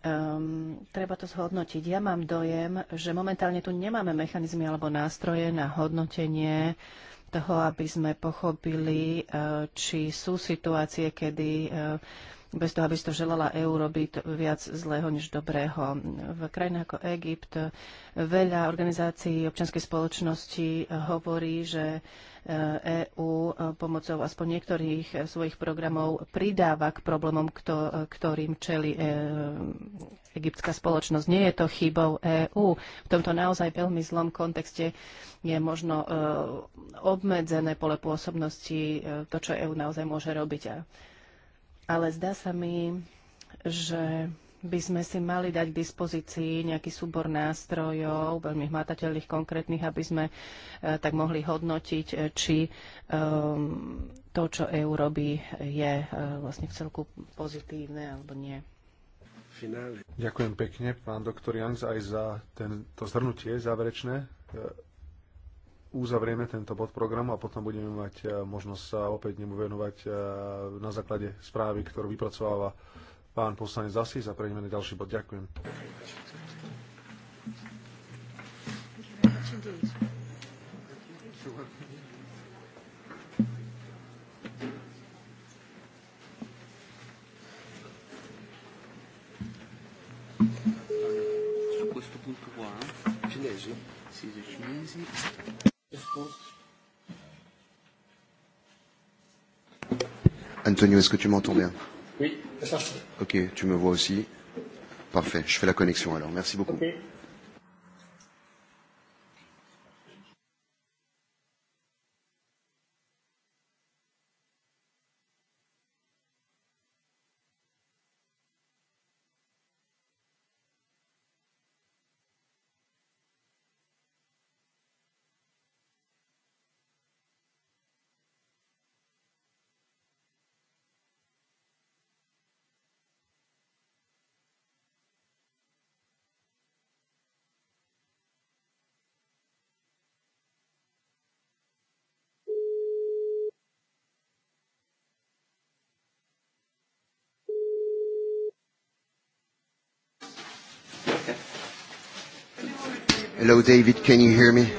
Um, treba to zhodnotiť. Ja mám dojem, že momentálne tu nemáme mechanizmy alebo nástroje na hodnotenie toho, aby sme pochopili, či sú situácie, kedy bez toho, aby si to želala EÚ robiť viac zlého než dobrého. V krajinách ako Egypt veľa organizácií občianskej spoločnosti hovorí, že EÚ eh, e eh, pomocou aspoň niektorých svojich programov pridáva k problémom, eh, ktorým čeli egyptská spoločnosť. Nie je to chybou EÚ. V tomto naozaj veľmi zlom kontexte je možno obmedzené pole pôsobnosti to, čo EÚ naozaj môže robiť ale zdá sa mi, že by sme si mali dať k dispozícii nejaký súbor nástrojov, veľmi hmatateľných, konkrétnych, aby sme e, tak mohli hodnotiť, e, či e, to, čo EU robí, je e, vlastne v celku pozitívne alebo nie. Finále. Ďakujem pekne, pán doktor Jans aj za tento zhrnutie záverečné e, uzavrieme tento bod programu a potom budeme mať e, možnosť sa opäť nemu venovať e, na základe správy, ktorú vypracováva pán poslanec Zasís a prejdeme na ďalší bod. Ďakujem. A questo punto qua, cinesi? Sì, cinesi. Antonio, est-ce que tu m'entends bien Oui, ça. Ok, tu me vois aussi. Parfait, je fais la connexion alors. Merci beaucoup. Okay. Hello, David. Can you hear me?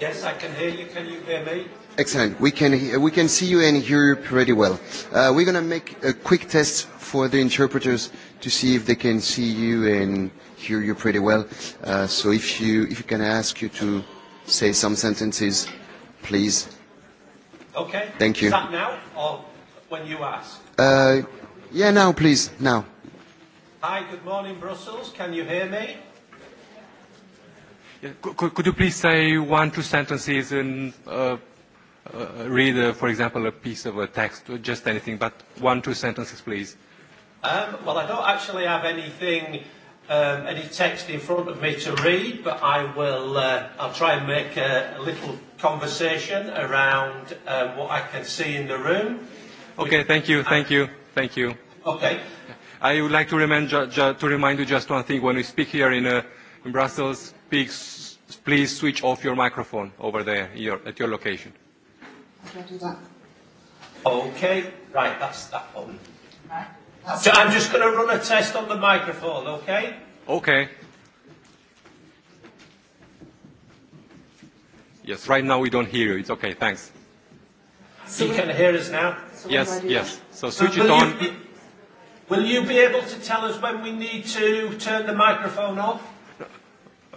Yes, I can hear you. Can you hear me? Excellent. We can, uh, we can see you and hear you pretty well. Uh, we're going to make a quick test for the interpreters to see if they can see you and hear you pretty well. Uh, so if you, if you can ask you to say some sentences, please. Okay. Thank you. Is that now or when you ask? Uh, yeah, now, please. Now. Hi, good morning, Brussels. Can you hear me? Could, could you please say one, two sentences and uh, uh, read, uh, for example, a piece of a text, or just anything, but one, two sentences, please. Um, well, I don't actually have anything, um, any text in front of me to read, but I will. Uh, I'll try and make a, a little conversation around um, what I can see in the room. Okay. Thank you. Thank you. Thank you. Okay. I would like to remind, ju- ju- to remind you just one thing. When we speak here in, uh, in Brussels, please, please switch off your microphone over there your, at your location. How do I do that? Okay, right, that's that one. Right. That's so I'm just going to run a test on the microphone, okay? Okay. Yes, right now we don't hear you. It's okay, thanks. So you can hear us now? So yes, yes. That? So switch it on. You, will you be able to tell us when we need to turn the microphone off?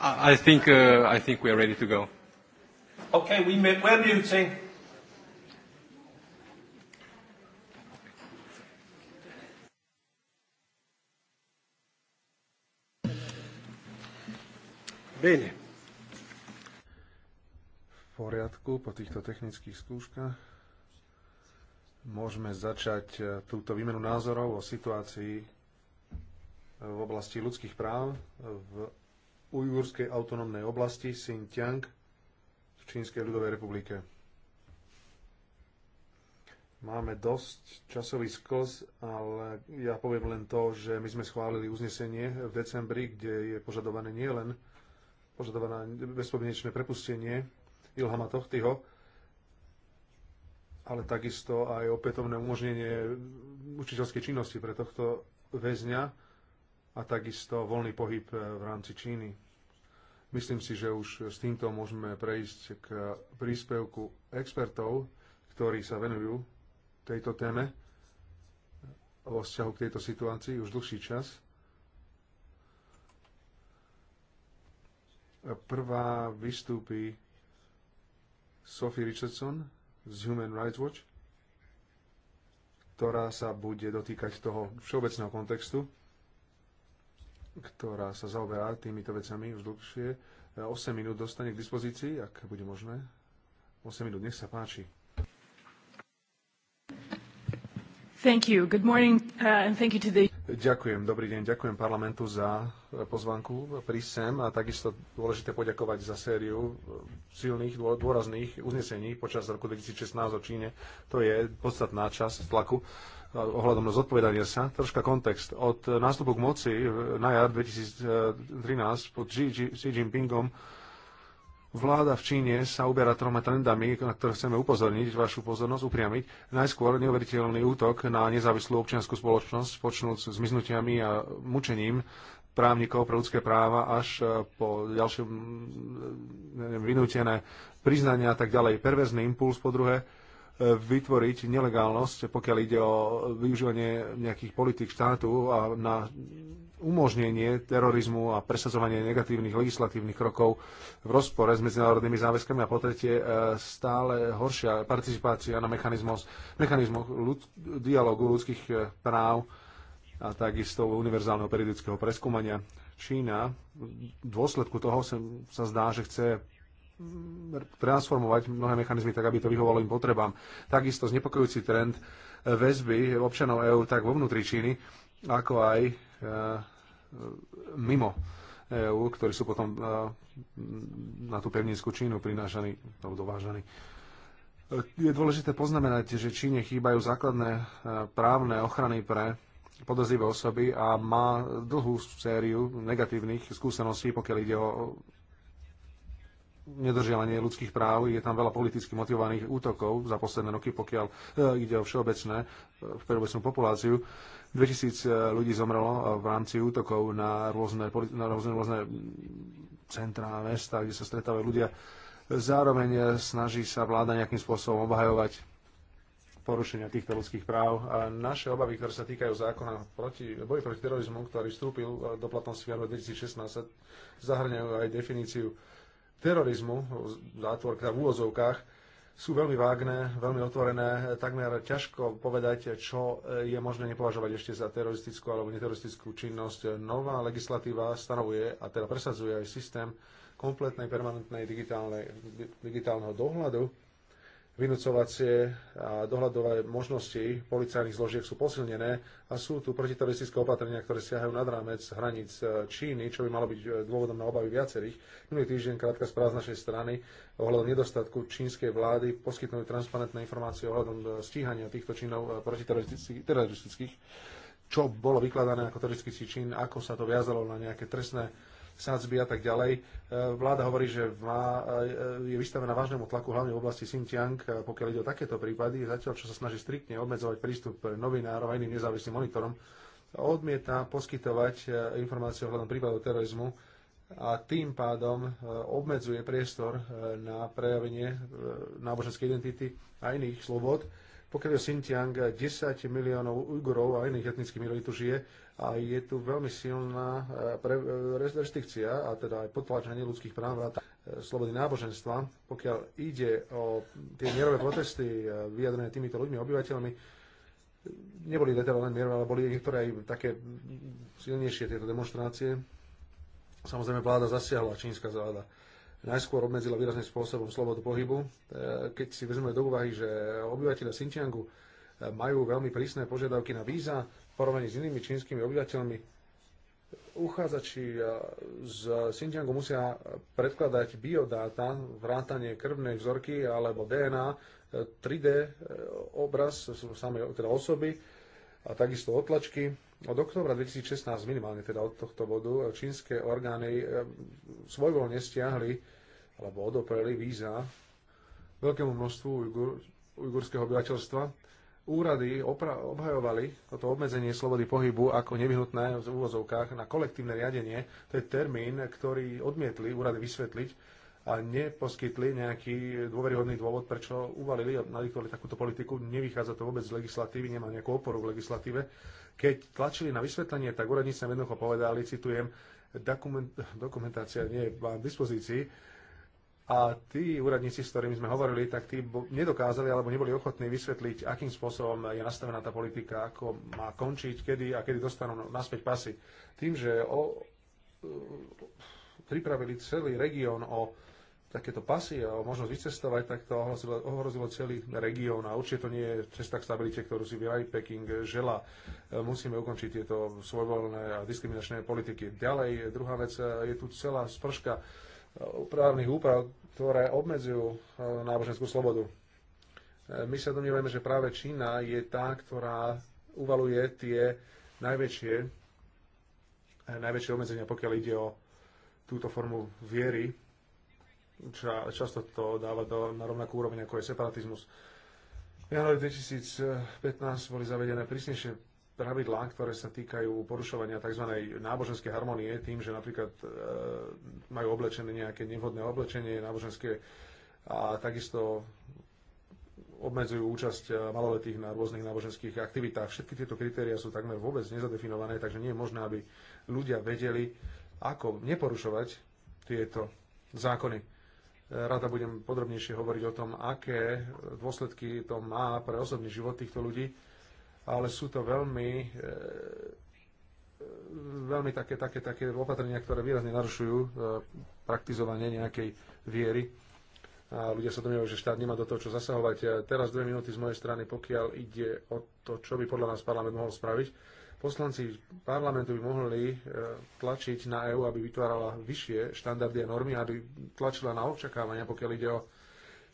I think, uh, I think we are ready to go. Okay, we, we're muting. Bene. V poriadku, po týchto technických skúškach môžeme začať eh, túto výmenu názorov o situácii v oblasti ľudských práv v ujgurskej autonómnej oblasti Xinjiang v Čínskej ľudovej republike. Máme dosť časový skos, ale ja poviem len to, že my sme schválili uznesenie v decembri, kde je požadované nielen požadované bezpodmienečné prepustenie Ilhama Tohtyho, ale takisto aj opätovné umožnenie učiteľskej činnosti pre tohto väzňa a takisto voľný pohyb v rámci Číny. Myslím si, že už s týmto môžeme prejsť k príspevku expertov, ktorí sa venujú tejto téme vo vzťahu k tejto situácii už dlhší čas. Prvá vystúpi Sophie Richardson z Human Rights Watch, ktorá sa bude dotýkať toho všeobecného kontextu ktorá sa zaoberá týmito vecami už dlhšie. 8 minút dostane k dispozícii, ak bude možné. 8 minút, nech sa páči. Thank you. Good morning, uh, and thank you to the... Ďakujem, dobrý deň, ďakujem parlamentu za uh, pozvanku pri sem a takisto dôležité poďakovať za sériu uh, silných, dôrazných uznesení počas roku 2016 o Číne. To je podstatná časť tlaku ohľadom na zodpovedania sa. Troška kontext. Od nástupu k moci na jar 2013 pod Xi Jinpingom vláda v Číne sa uberá troma trendami, na ktoré chceme upozorniť, vašu pozornosť upriamiť. Najskôr neuveriteľný útok na nezávislú občianskú spoločnosť, počnúc s miznutiami a mučením právnikov pre ľudské práva až eh, po ďalšie mm, neviem, vynútené priznania a tak ďalej. Perverzný impuls po druhé, vytvoriť nelegálnosť, pokiaľ ide o využívanie nejakých politik štátu a na umožnenie terorizmu a presadzovanie negatívnych legislatívnych krokov v rozpore s medzinárodnými záväzkami a po tretie e, stále horšia participácia na mechanizmoch ľud, dialogu ľudských e, práv a takisto univerzálneho periodického preskúmania. Čína v dôsledku toho sa, sa zdá, že chce Mm, transformovať mnohé mechanizmy tak, aby to vyhovalo im potrebám. Takisto znepokojujúci trend eh, väzby občanov EÚ tak vo vnútri Číny, ako aj e, mimo EÚ, ktorí sú potom e, na tú pevninskú Čínu prinášaní alebo dovážaní. Je dôležité poznamenať, že Číne chýbajú základné právne ochrany pre podozrivé osoby a má dlhú sériu negatívnych skúseností, pokiaľ ide o nedržiavanie ľudských práv. Je tam veľa politicky motivovaných útokov za posledné roky, pokiaľ e, ide o všeobecné, e, všeobecnú populáciu. 2000 e, ľudí zomrelo v rámci útokov na rôzne, na rôzne, rôzne centrá mesta, kde sa stretávajú ľudia. Zároveň snaží sa vláda nejakým spôsobom obhajovať porušenia týchto ľudských práv. A naše obavy, ktoré sa týkajú zákona proti, boji proti terorizmu, ktorý vstúpil do platnosti v 2016, zahrňajú aj definíciu terorizmu, zátvorka v úvozovkách, sú veľmi vágne, veľmi otvorené, takmer ťažko povedať, čo je možné nepovažovať ešte za teroristickú alebo neteroristickú činnosť. Nová legislatíva stanovuje a teda presadzuje aj systém kompletnej permanentnej digitálneho dohľadu, vynúcovacie a dohľadové možnosti policajných zložiek sú posilnené a sú tu protiteroristické opatrenia, ktoré siahajú nad rámec hraníc e, Číny, čo by malo byť e, dôvodom na obavy viacerých. Minulý týždeň krátka správa z našej strany ohľadom nedostatku čínskej vlády poskytnúť transparentné informácie ohľadom e, stíhania týchto činov protiteroristických, čo bolo vykladané ako teroristický čin, ako sa to viazalo na nejaké trestné sadzby a tak ďalej. E, vláda hovorí, že má, e, je vystavená vážnemu tlaku hlavne v oblasti Xinjiang, e, pokiaľ ide o takéto prípady, zatiaľ čo sa snaží striktne obmedzovať prístup novinárov a iným nezávislým monitorom, odmieta poskytovať informácie hľadom prípadov terorizmu a tým pádom obmedzuje priestor na prejavenie náboženskej identity a iných slobod pokiaľ je Xinjiang, 10 miliónov Ujgurov a iných etnických minorít tu žije a je tu veľmi silná eh, eh, restrikcia a teda aj potláčanie ľudských práv a eh, slobody náboženstva. Pokiaľ ide o tie mierové protesty vyjadrené týmito ľuďmi, obyvateľmi, neboli teda len mierové, ale boli niektoré aj také silnejšie tieto demonstrácie. Samozrejme vláda zasiahla, čínska vláda najskôr obmedzila výrazným spôsobom slobodu pohybu. E, keď si vezmeme do úvahy, že obyvateľe Xinjiangu e, majú veľmi prísne požiadavky na víza v porovnaní s inými čínskymi obyvateľmi, uchádzači e, z Xinjiangu musia predkladať biodáta, vrátanie krvnej vzorky alebo DNA, 3D obraz samej teda osoby a takisto otlačky. Od oktobra 2016 minimálne teda od tohto bodu čínske orgány svojvoľne stiahli alebo odopreli víza veľkému množstvu Ujgur, ujgurského obyvateľstva. Úrady obhajovali toto obmedzenie slobody pohybu ako nevyhnutné v úvozovkách na kolektívne riadenie. To je termín, ktorý odmietli úrady vysvetliť a neposkytli nejaký dôveryhodný dôvod, prečo uvalili a nadiktovali takúto politiku. Nevychádza to vôbec z legislatívy, nemá nejakú oporu v legislatíve. Keď tlačili na vysvetlenie, tak úradníci sa jednoducho povedali, citujem, dokument, dokumentácia nie je v dispozícii, a tí úradníci, s ktorými sme hovorili, tak tí nedokázali alebo neboli ochotní vysvetliť, akým spôsobom je nastavená tá politika, ako má končiť, kedy a kedy dostanú naspäť pasy. Tým, že o, e, pripravili celý región o takéto pasy a o možnosť vycestovať, tak to ohrozilo, ohrozilo celý región a určite to nie je cesta k stabilite, ktorú si vyrají Peking žela. E, musíme ukončiť tieto svojvoľné a diskriminačné politiky. Ďalej, druhá vec, e, je tu celá sprška právnych úprav, ktoré obmedzujú eh, náboženskú slobodu. Eh, my sa domnievame, že práve Čína je tá, ktorá uvaluje tie najväčšie, eh, najväčšie obmedzenia, pokiaľ ide o túto formu viery. Ča, často to dáva do, na rovnakú úroveň, ako je separatizmus. V januári 2015 boli zavedené prísnejšie pravidlá, ktoré sa týkajú porušovania tzv. náboženskej harmonie tým, že napríklad e, majú oblečené nejaké nevhodné oblečenie náboženské a takisto obmedzujú účasť e, maloletých na rôznych náboženských aktivitách. Všetky tieto kritéria sú takmer vôbec nezadefinované, takže nie je možné, aby ľudia vedeli, ako neporušovať tieto zákony. E, rada budem podrobnejšie hovoriť o tom, aké dôsledky to má pre osobný život týchto ľudí ale sú to veľmi e, veľmi také, také, také opatrenia, ktoré výrazne narušujú e, praktizovanie nejakej viery. A ľudia sa domnievajú, že štát nemá do toho čo zasahovať. A e, teraz dve minúty z mojej strany, pokiaľ ide o to, čo by podľa nás parlament mohol spraviť. Poslanci parlamentu by mohli tlačiť na EÚ, aby vytvárala vyššie štandardy a normy, aby tlačila na očakávania, pokiaľ ide o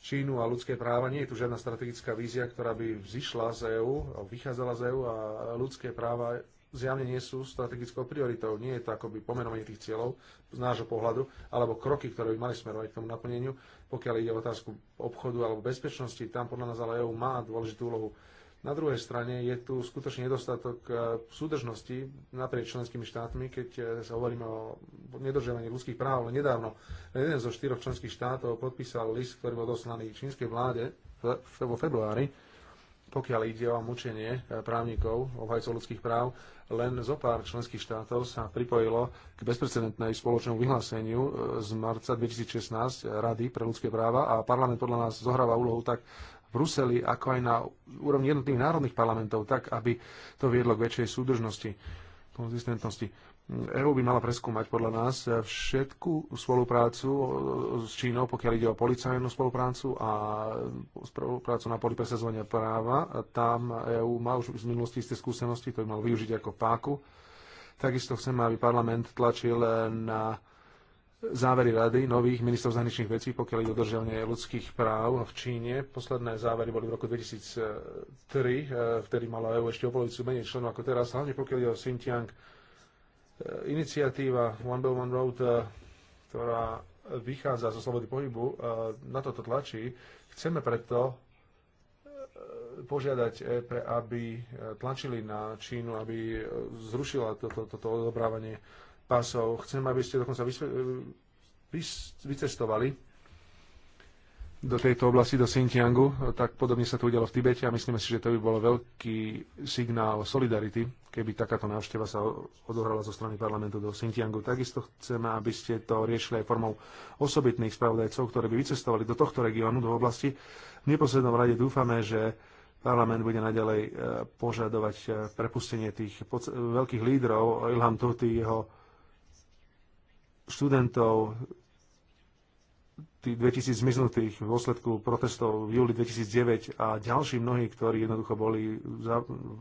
Čínu a ľudské práva. Nie je tu žiadna strategická vízia, ktorá by vzýšla z EÚ, vychádzala z EÚ a ľudské práva zjavne nie sú strategickou prioritou. Nie je to akoby pomenovanie tých cieľov z nášho pohľadu, alebo kroky, ktoré by mali smerovať k tomu naplneniu. Pokiaľ ide o otázku obchodu alebo bezpečnosti, tam podľa nás ale EU má dôležitú úlohu. Na druhej strane je tu skutočný nedostatok e, súdržnosti naprieč členskými štátmi, keď e, sa hovoríme o nedržiavaní ľudských práv. Ale nedávno jeden zo štyroch členských štátov podpísal list, ktorý bol doslaný čínskej vláde vo februári, pokiaľ ide o mučenie e, právnikov, obhajcov ľudských práv, len zo pár členských štátov sa pripojilo k bezprecedentnej spoločnému vyhláseniu z marca 2016 Rady pre ľudské práva a parlament podľa nás zohráva úlohu tak Bruseli, ako aj na úrovni jednotlivých národných parlamentov, tak aby to viedlo k väčšej súdržnosti, konzistentnosti. EU by mala preskúmať podľa nás všetku spoluprácu s Čínou, pokiaľ ide o policajnú spoluprácu a spoluprácu na poli presazovania práva. Tam EU má už z minulosti isté skúsenosti, to by mal využiť ako páku. Takisto chcem, aby parlament tlačil na závery rady nových ministrov zahraničných vecí, pokiaľ ide o ľudských práv v Číne. Posledné závery boli v roku 2003, eh, vtedy mala EU ešte o polovicu menej členov ako teraz, hlavne pokiaľ ide o Xinjiang. Eh, iniciatíva One Belt One Road, eh, ktorá vychádza zo slobody pohybu, na toto tlačí. Chceme preto požiadať EP, aby tlačili na Čínu, aby zrušila toto, toto odobrávanie pasov. Chcem, aby ste dokonca e, vycestovali do tejto oblasti, do Xinjiangu. Tak podobne sa to udialo v Tibete a myslíme si, že to by bolo veľký signál solidarity, keby takáto návšteva sa odohrala zo strany parlamentu do Xinjiangu. Takisto chceme, aby ste to riešili aj formou osobitných spravodajcov, ktorí by vycestovali do tohto regiónu, do oblasti. V neposlednom rade dúfame, že parlament bude naďalej e, požadovať e, prepustenie tých veľkých lídrov. Ilham Tuti, jeho študentov, tých 2000 zmiznutých v dôsledku protestov v júli 2009 a ďalší mnohí, ktorí jednoducho boli za,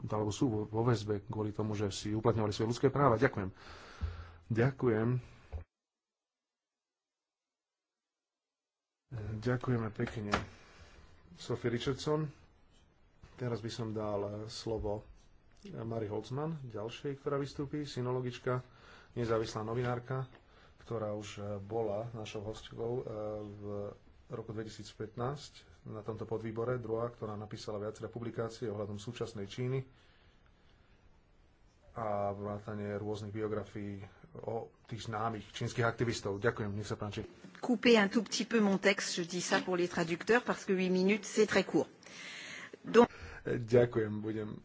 alebo sú vo väzbe kvôli tomu, že si uplatňovali svoje ľudské práva. Ďakujem. Ďakujem. Ďakujeme pekne. Sophie Richardson. Teraz by som dal slovo Mary Holzman, ďalšej, ktorá vystúpi, synologička, nezávislá novinárka ktorá už e, bola našou hostkou e, v roku 2015 na tomto podvýbore, druhá, ktorá napísala viaceré publikácie ohľadom súčasnej Číny a vrátanie rôznych biografií o tých známych čínskych aktivistov. Ďakujem, nech sa páči. Couper un tout petit peu mon texte, je dis ça pour les traducteurs, parce que 8 minutes, c'est très court. Donc... Ďakujem, budem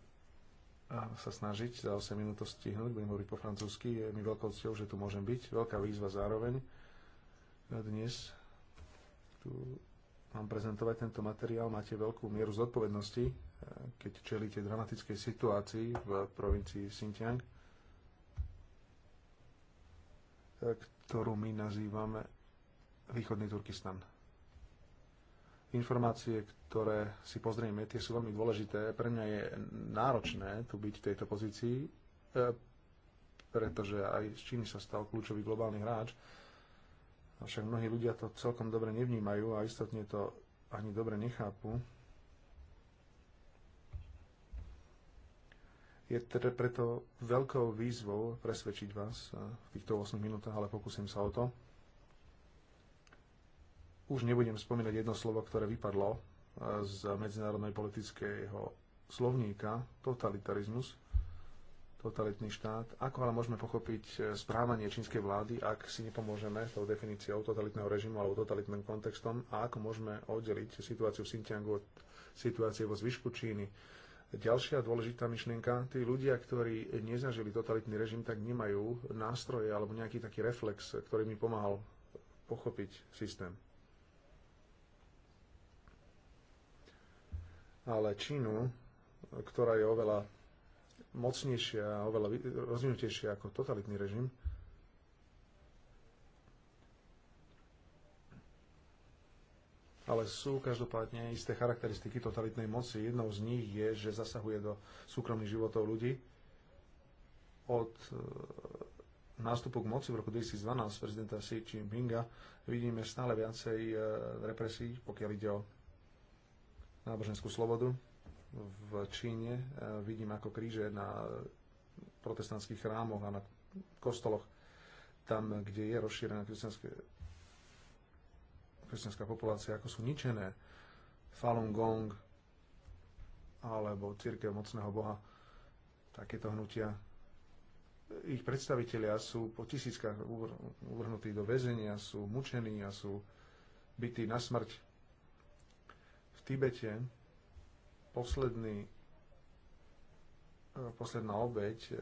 sa snažiť za 8 minút to stihnúť, budem hovoriť po francúzsky, je mi veľkou cťou, že tu môžem byť, veľká výzva zároveň. Dnes tu mám prezentovať tento materiál, máte veľkú mieru zodpovednosti, e, keď čelíte dramatickej situácii v provincii Xinjiang, e, ktorú my nazývame Východný Turkistan informácie, ktoré si pozrieme, tie sú veľmi dôležité. Pre mňa je náročné tu byť v tejto pozícii, e, pretože aj z Číny sa stal kľúčový globálny hráč. Avšak mnohí ľudia to celkom dobre nevnímajú a istotne to ani dobre nechápu. Je teda preto veľkou výzvou presvedčiť vás v týchto 8 minútach, ale pokúsim sa o to. Už nebudem spomínať jedno slovo, ktoré vypadlo e, z medzinárodnej politického slovníka, totalitarizmus, totalitný štát. Ako ale môžeme pochopiť e, správanie čínskej vlády, ak si nepomôžeme tou definíciou totalitného režimu alebo totalitným kontextom a ako môžeme oddeliť situáciu v Xinjiangu od situácie vo zvyšku Číny. Ďalšia dôležitá myšlienka, tí ľudia, ktorí nezažili totalitný režim, tak nemajú nástroje alebo nejaký taký reflex, ktorý mi pomáhal pochopiť systém. ale Čínu, ktorá je oveľa mocnejšia a oveľa rozvinutejšia ako totalitný režim, ale sú každopádne isté charakteristiky totalitnej moci. Jednou z nich je, že zasahuje do súkromných životov ľudí. Od e, nástupu k moci v roku 2012 prezidenta Xi Jinpinga vidíme stále viacej e, represí, pokiaľ ide o náboženskú slobodu v Číne. E, vidím ako kríže na protestantských chrámoch a na kostoloch, tam, kde je rozšírená kresťanská populácia, ako sú ničené Falun Gong alebo církev mocného boha, takéto hnutia. Ich predstavitelia sú po tisíckach uvrhnutí do väzenia, sú mučení a sú bytí na smrť Tibete posledný, e, posledná obeď, e,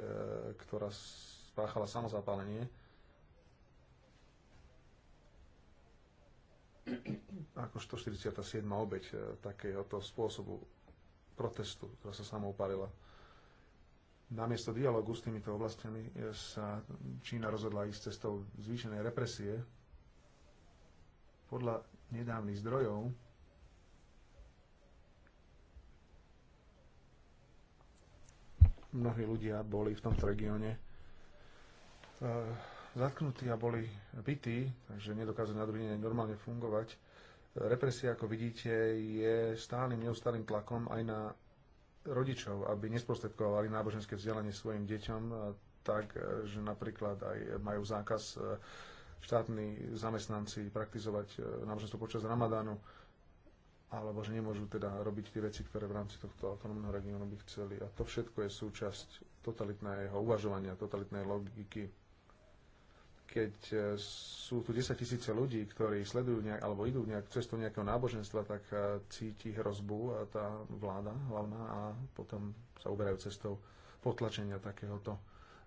ktorá spáchala samozapálenie, ako 147. obeď e, takéhoto spôsobu protestu, ktorá sa samoupálila. Namiesto dialogu s týmito oblastiami sa Čína rozhodla ísť cestou zvýšenej represie. Podľa nedávnych zdrojov mnohí ľudia boli v tomto regióne e, zatknutí a boli bytí, takže nedokázali na druhý deň normálne fungovať. E, represia, ako vidíte, je stálym, neustálým tlakom aj na rodičov, aby nesprostredkovali náboženské vzdelanie svojim deťom, e, tak, že napríklad aj majú zákaz štátni zamestnanci praktizovať náboženstvo počas Ramadánu alebo že nemôžu teda robiť tie veci, ktoré v rámci tohto autonómneho regiónu by chceli. A to všetko je súčasť totalitného uvažovania, totalitnej logiky. Keď e, sú tu 10 tisíce ľudí, ktorí sledujú nejak, alebo idú nejak cestou nejakého náboženstva, tak e, cíti hrozbu a tá vláda hlavná a potom sa uberajú cestou potlačenia takéhoto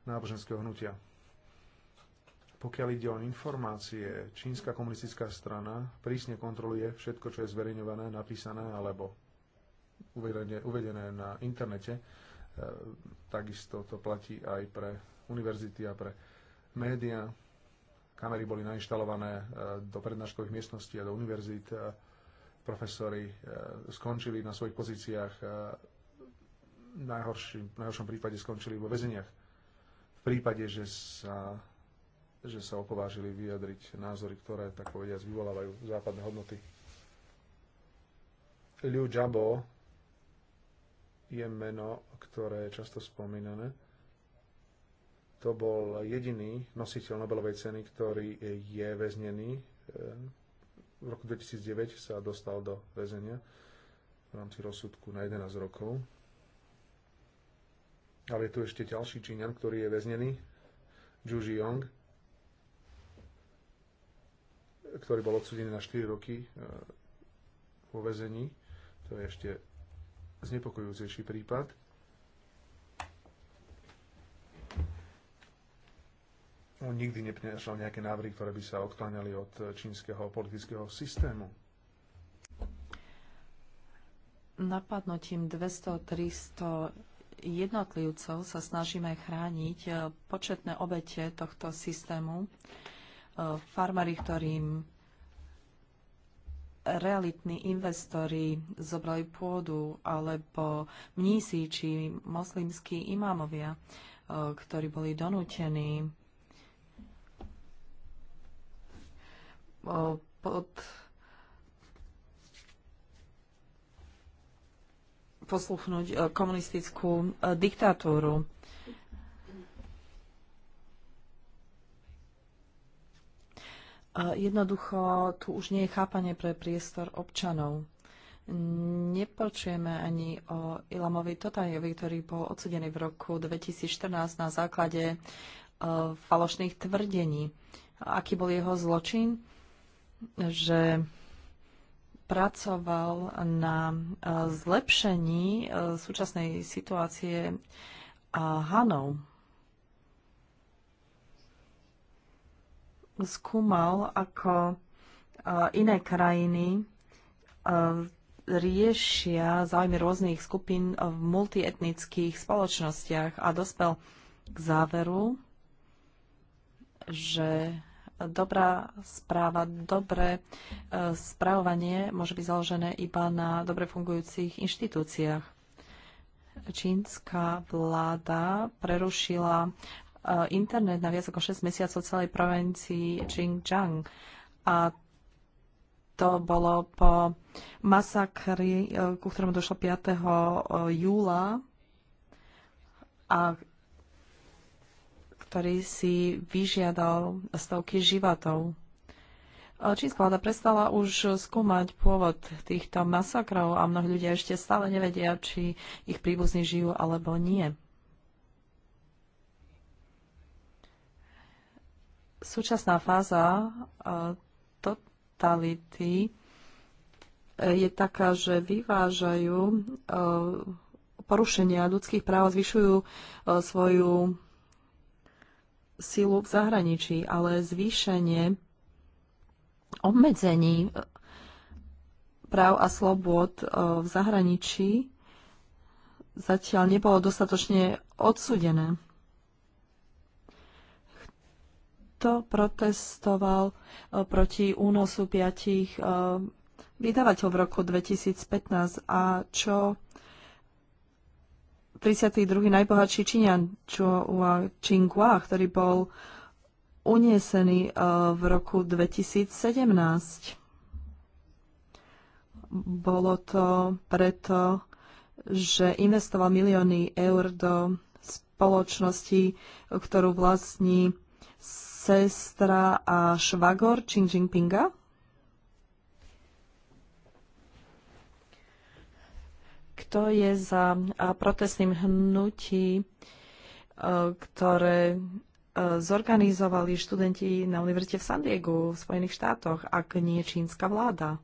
náboženského hnutia. Pokiaľ ide o informácie, čínska komunistická strana prísne kontroluje všetko, čo je zverejňované, napísané alebo uvedené, uvedené na internete. E, takisto to platí aj pre univerzity a pre médiá. Kamery boli nainštalované e, do prednáškových miestností a do univerzít. E, profesori skončili na svojich pozíciách. V najhoršom prípade skončili vo väzeniach. V prípade, že sa že sa opovážili vyjadriť názory, ktoré, tak povediať, vyvolávajú západné hodnoty. Liu Jabo je meno, ktoré je často spomínané. To bol jediný nositeľ Nobelovej ceny, ktorý je väznený. V roku 2009 sa dostal do väzenia v rámci rozsudku na 11 rokov. Ale je tu ešte ďalší Číňan, ktorý je väznený, Zhu Jiang ktorý bol odsudený na 4 roky e, vo vezení. To je ešte znepokojujúcejší prípad. On nikdy neprinašal nejaké návrhy, ktoré by sa odkláňali od čínskeho politického systému. Napadnutím 200-300 jednotlivcov sa snažíme chrániť e, početné obete tohto systému farmári, ktorým realitní investori zobrali pôdu, alebo mnísi či moslimskí imámovia, e, ktorí boli donútení e, pod posluchnúť e, komunistickú diktatúru. Jednoducho tu už nie je chápanie pre priestor občanov. Nepočujeme ani o Ilamovi Totajevi, ktorý bol odsudený v roku 2014 na základe e, falošných tvrdení. Aký bol jeho zločin? Že pracoval na e, zlepšení e, súčasnej situácie Hanov skúmal, ako e, iné krajiny e, riešia záujmy rôznych skupín v multietnických spoločnostiach a dospel k záveru, že dobrá správa, dobré e, správovanie môže byť založené iba na dobre fungujúcich inštitúciách. Čínska vláda prerušila Eh, internet na viac ako 6 mesiacov celej provincii Xinjiang. A to bolo po masakri, eh, ku ktorému došlo 5. Eh, júla a ktorý si vyžiadal stovky životov. Čínska vláda prestala už skúmať pôvod týchto masakrov a mnohí ľudia ešte stále nevedia, či ich príbuzní žijú alebo nie. súčasná fáza e, totality e, je taká, že vyvážajú e, porušenia ľudských práv, zvyšujú svoju silu v zahraničí, ale zvýšenie obmedzení práv a slobod v zahraničí zatiaľ nebolo dostatočne odsudené. kto protestoval eh, proti únosu piatich eh, vydavateľov v roku 2015 a čo 32. najbohatší Číňan Chua ktorý bol uniesený eh, v roku 2017. Bolo to preto, že investoval milióny eur do spoločnosti, ktorú vlastní sestra a švagor Xi Jinpinga. Kto je za protestným hnutí, e, ktoré e, zorganizovali študenti na univerzite v San Diego v Spojených štátoch, ak nie čínska vláda?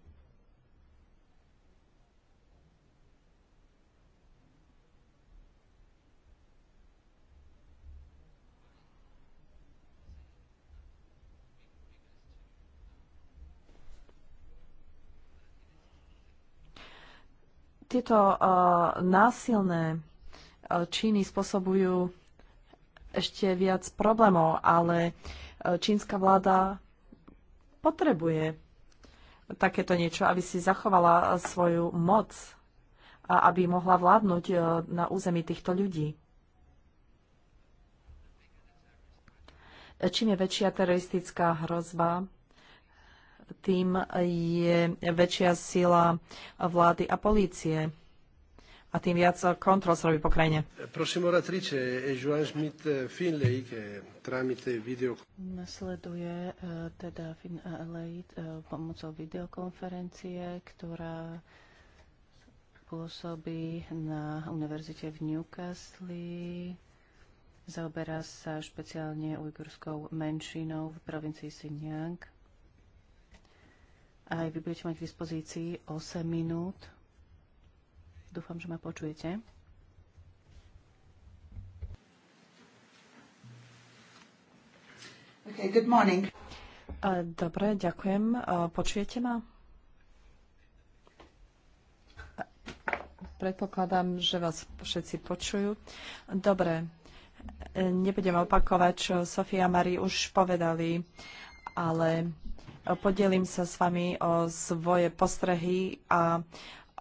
Tieto eh, násilné eh, činy spôsobujú ešte viac problémov, ale eh, čínska vláda potrebuje takéto niečo, aby si zachovala svoju moc a aby mohla vládnuť na území týchto ľudí. Čím je väčšia teroristická hrozba, tým je väčšia sila vlády a polície. A tým viac kontrol sa robí po krajine. Nasleduje eh, teda Finn eh, eh, pomocou videokonferencie, ktorá pôsobí na univerzite v Newcastle. Zaoberá sa špeciálne ujgurskou menšinou v provincii Xinjiang. Aj vy budete mať k dispozícii 8 minút. Dúfam, že ma počujete. Okay, good morning. Dobre, ďakujem. Počujete ma? Predpokladám, že vás všetci počujú. Dobre, e, nebudem opakovať, čo Sofia a Mari už povedali, ale Podelím sa s vami o svoje postrehy a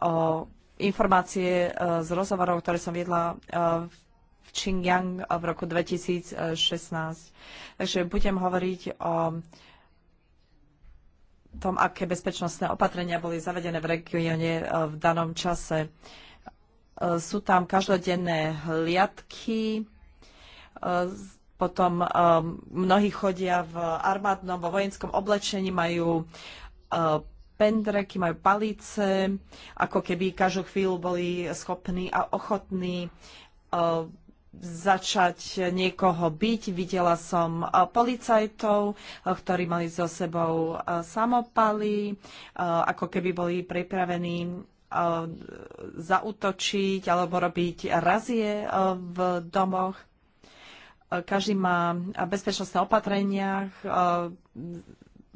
o informácie e, z rozhovorov, ktoré som viedla e, v Xinjiang v roku 2016. Takže budem hovoriť o tom, aké bezpečnostné opatrenia boli zavedené v regióne e, v danom čase. Sú tam každodenné hliadky, potom um, mnohí chodia v armádnom, vo vojenskom oblečení, majú uh, pendreky, majú palice, ako keby každú chvíľu boli schopní a ochotní uh, začať niekoho byť. Videla som uh, policajtov, uh, ktorí mali so sebou uh, samopaly, uh, ako keby boli pripravení uh, zautočiť alebo robiť razie v domoch. Každý má bezpečnostné opatrenia,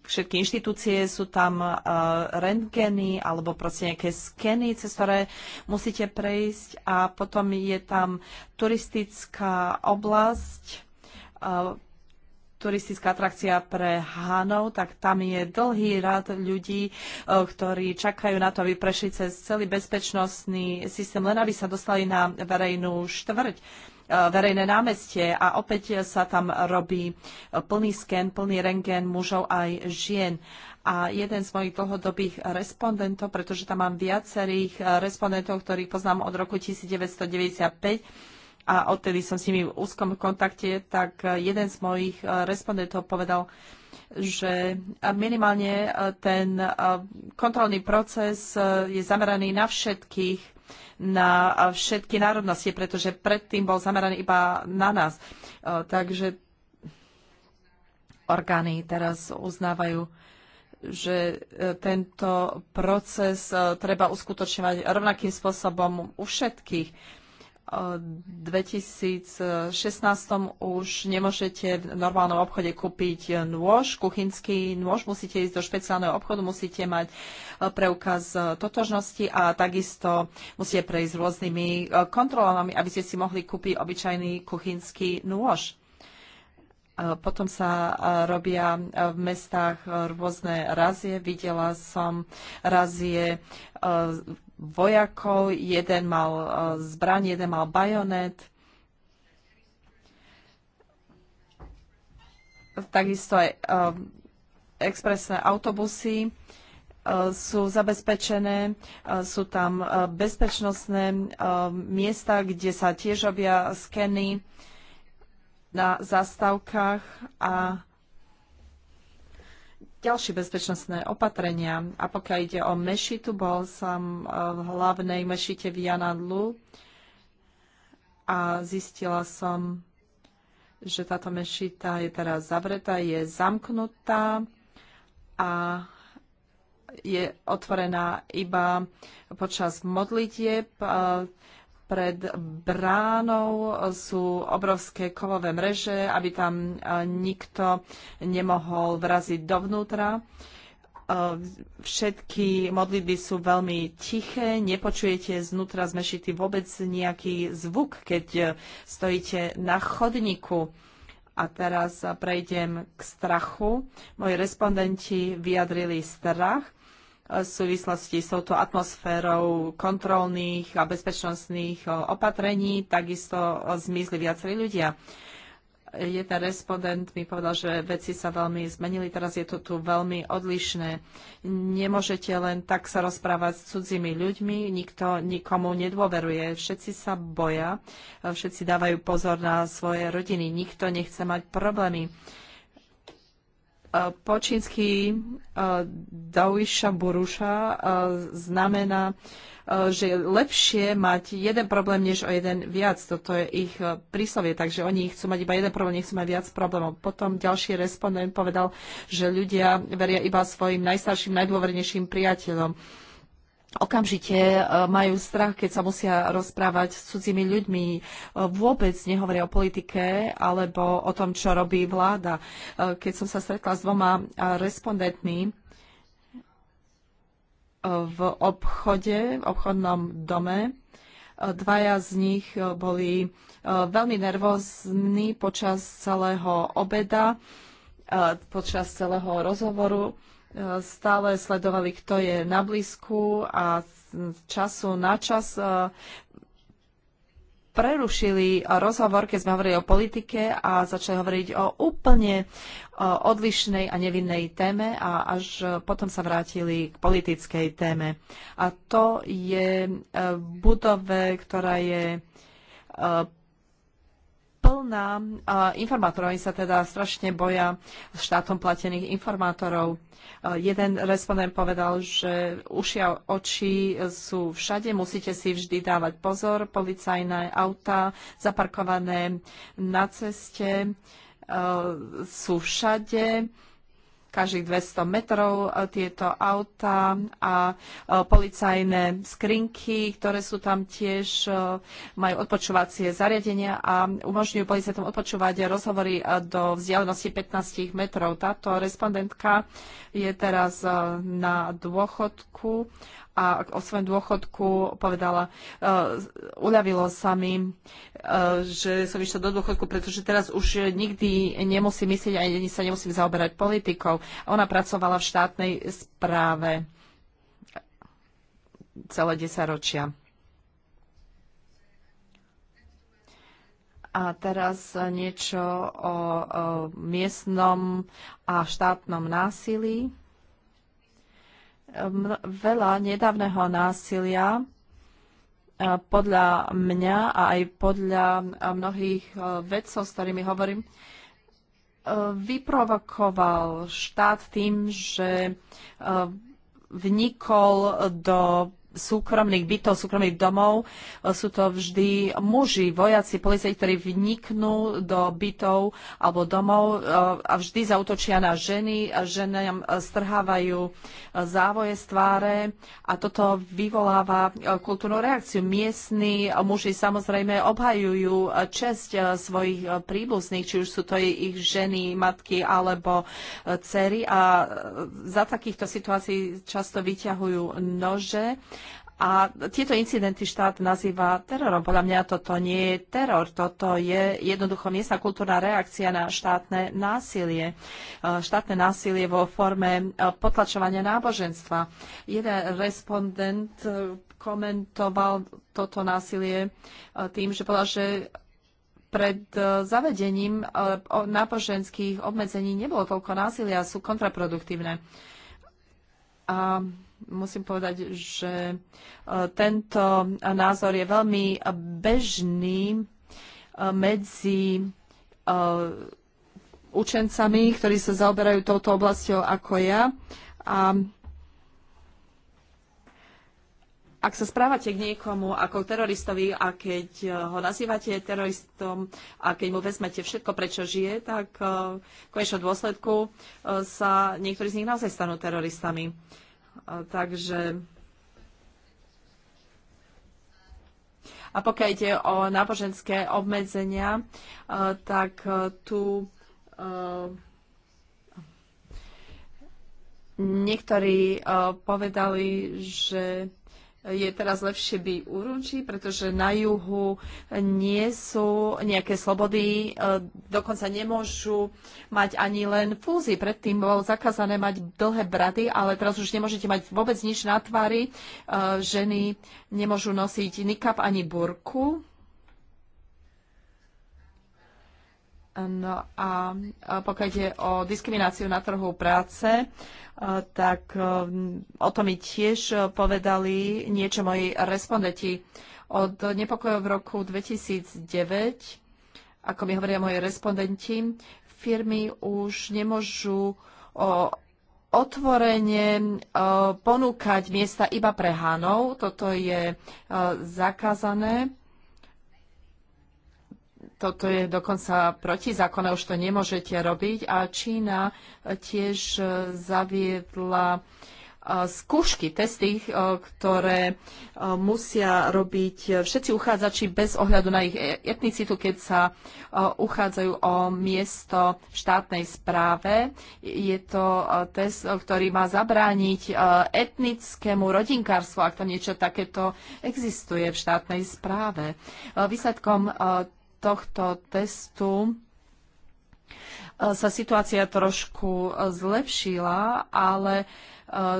všetky inštitúcie sú tam, e, rentgeny alebo proste nejaké skeny, cez ktoré musíte prejsť a potom je tam turistická oblasť, e, turistická atrakcia pre Hanov, tak tam je dlhý rad ľudí, e, ktorí čakajú na to, aby prešli cez celý bezpečnostný systém, len aby sa dostali na verejnú štvrť. E, verejné námestie a opäť sa tam robí e, plný sken, plný rengen mužov aj žien. A jeden z mojich dlhodobých respondentov, pretože tam mám viacerých e, respondentov, ktorých poznám od roku 1995, a odtedy som s nimi v úzkom kontakte, tak jeden z mojich respondentov povedal, že minimálne ten kontrolný proces je zameraný na všetkých na všetky národnosti, pretože predtým bol zameraný iba na nás. E, takže orgány teraz uznávajú že e, tento proces e, treba uskutočňovať rovnakým spôsobom u všetkých 2016 už nemôžete v normálnom obchode kúpiť nôž, kuchynský nôž, musíte ísť do špeciálneho obchodu, musíte mať eh, preukaz eh, totožnosti a takisto musíte prejsť rôznymi eh, kontrolami, aby ste si mohli kúpiť obyčajný kuchynský nôž. Potom sa robia v mestách rôzne razie. Videla som razie vojakov, jeden mal e, zbraň, jeden mal bajonet. Takisto aj e, expresné autobusy e, sú zabezpečené, sú tam bezpečnostné miesta, kde sa tiež robia skeny na zastávkach a ďalšie bezpečnostné opatrenia. A pokiaľ ide o mešitu, bol som eh, v hlavnej mešite v Janadlu a zistila som, že táto mešita je teraz zavretá, je zamknutá a je otvorená iba počas modlitieb. Eh, pred bránou sú obrovské kovové mreže, aby tam e, nikto nemohol vraziť dovnútra. E, všetky modlitby sú veľmi tiché, nepočujete znútra zmešitý vôbec nejaký zvuk, keď e, stojíte na chodníku. A teraz prejdem k strachu. Moji respondenti vyjadrili strach v súvislosti s touto atmosférou kontrolných a bezpečnostných opatrení. Takisto zmizli viacerí ľudia. Jeden respondent mi povedal, že veci sa veľmi zmenili, teraz je to tu veľmi odlišné. Nemôžete len tak sa rozprávať s cudzími ľuďmi, nikto nikomu nedôveruje, všetci sa boja, všetci dávajú pozor na svoje rodiny, nikto nechce mať problémy E, Počínsky e, Dauša Buruša e, znamená, že je lepšie mať jeden problém, než o jeden viac. Toto je ich príslovie, takže oni chcú mať iba jeden problém, nechcú mať viac problémov. Potom ďalší respondent povedal, že ľudia veria iba svojim najstarším, najdôvernejším priateľom okamžite e, majú strach, keď sa musia rozprávať s cudzími ľuďmi. E, vôbec nehovoria o politike alebo o tom, čo robí vláda. E, keď som sa stretla s dvoma respondentmi v obchode, v obchodnom dome, Dvaja z nich boli veľmi nervózni počas celého obeda, počas celého rozhovoru stále sledovali, kto je na blízku a času na čas e, prerušili rozhovor, keď sme hovorili o politike a začali hovoriť o úplne e, odlišnej a nevinnej téme a až potom sa vrátili k politickej téme. A to je e, budove, ktorá je plná informátorov. Oni sa teda strašne boja štátom platených informátorov. Jeden respondent povedal, že ušia oči sú všade, musíte si vždy dávať pozor, policajné auta zaparkované na ceste sú všade každých 200 metrov e, tieto auta a e, policajné skrinky, ktoré sú tam tiež, e, majú odpočúvacie zariadenia a umožňujú policajtom odpočúvať rozhovory do vzdialenosti 15 metrov. Táto respondentka je teraz na dôchodku a o svojom dôchodku povedala, uh, uľavilo sa mi, uh, že som išla do dôchodku, pretože teraz už nikdy nemusím myslieť ani sa nemusím zaoberať politikou. Ona pracovala v štátnej správe celé ročia. A teraz niečo o, o miestnom a štátnom násilí veľa nedávneho násilia podľa mňa a aj podľa mnohých e, vedcov, s ktorými hovorím, e, vyprovokoval štát tým, že e, vnikol do súkromných bytov, súkromných domov sú to vždy muži, vojaci, policajti, ktorí vniknú do bytov alebo domov e, a vždy zautočia na ženy a strhávajú e, závoje z tváre a toto vyvoláva e, kultúrnu reakciu. Miestni muži samozrejme obhajujú česť svojich príbuzných, či už sú to ich ženy, matky alebo dcery. a za takýchto situácií často vyťahujú nože a tieto incidenty štát nazýva terorom. Podľa mňa toto nie je teror, toto je jednoducho miestna kultúrna reakcia na štátne násilie. E, štátne násilie vo forme e, potlačovania náboženstva. Jeden respondent e, komentoval toto násilie tým, že povedal, že pred zavedením náboženských obmedzení nebolo toľko násilia, sú kontraproduktívne. A musím povedať, že e, tento názor je veľmi bežný e, medzi e, učencami, ktorí sa zaoberajú touto oblasťou ako ja. A ak sa správate k niekomu ako k teroristovi a keď ho nazývate teroristom a keď mu vezmete všetko, prečo žije, tak v konečnom dôsledku sa niektorí z nich naozaj stanú teroristami. Takže a pokiaľ ide o náboženské obmedzenia, tak tu niektorí povedali, že je teraz lepšie byť úručí, pretože na juhu nie sú nejaké slobody, e, dokonca nemôžu mať ani len fúzy. Predtým bolo zakázané mať dlhé brady, ale teraz už nemôžete mať vôbec nič na tvári. E, ženy nemôžu nosiť nikap ani burku No a pokiaľ ide o diskrimináciu na trhu práce, tak o tom mi tiež povedali niečo moji respondenti. Od nepokojov v roku 2009, ako mi hovoria moji respondenti, firmy už nemôžu otvorene ponúkať miesta iba pre hánov. Toto je zakázané toto je dokonca protizákonné, už to nemôžete robiť. A Čína tiež e, zaviedla e, skúšky, testy, e, ktoré musia robiť všetci uchádzači bez ohľadu na ich etnicitu, keď sa uchádzajú o miesto v štátnej správe. Je to test, ktorý má zabrániť etnickému rodinkárstvu, ak tam niečo takéto existuje v štátnej správe. Výsledkom tohto testu e, sa situácia trošku e, zlepšila, ale e,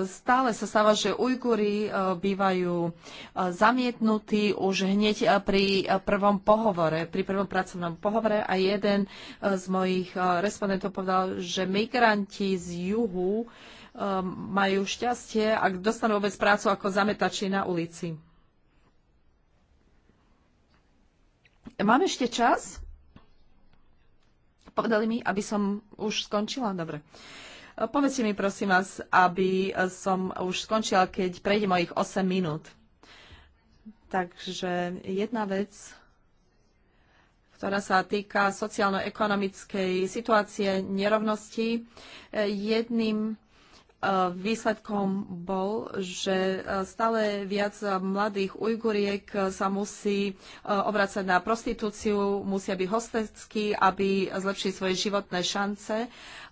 stále sa stáva, že Ujguri bývajú zamietnutí už hneď pri prvom pohovore, pri prvom pracovnom pohovore a jeden z mojich respondentov povedal, že migranti z juhu majú šťastie, ak dostanú vôbec prácu ako zametači na ulici. Mám ešte čas? Povedali mi, aby som už skončila? Dobre. Povedzte mi, prosím vás, aby som už skončila, keď prejde mojich 8 minút. Takže jedna vec, ktorá sa týka sociálno-ekonomickej situácie nerovnosti. Jedným E, výsledkom bol, že e, stále viac mladých Ujguriek e, sa musí obracať na prostitúciu, musia byť hostecky, aby zlepšili svoje životné šance.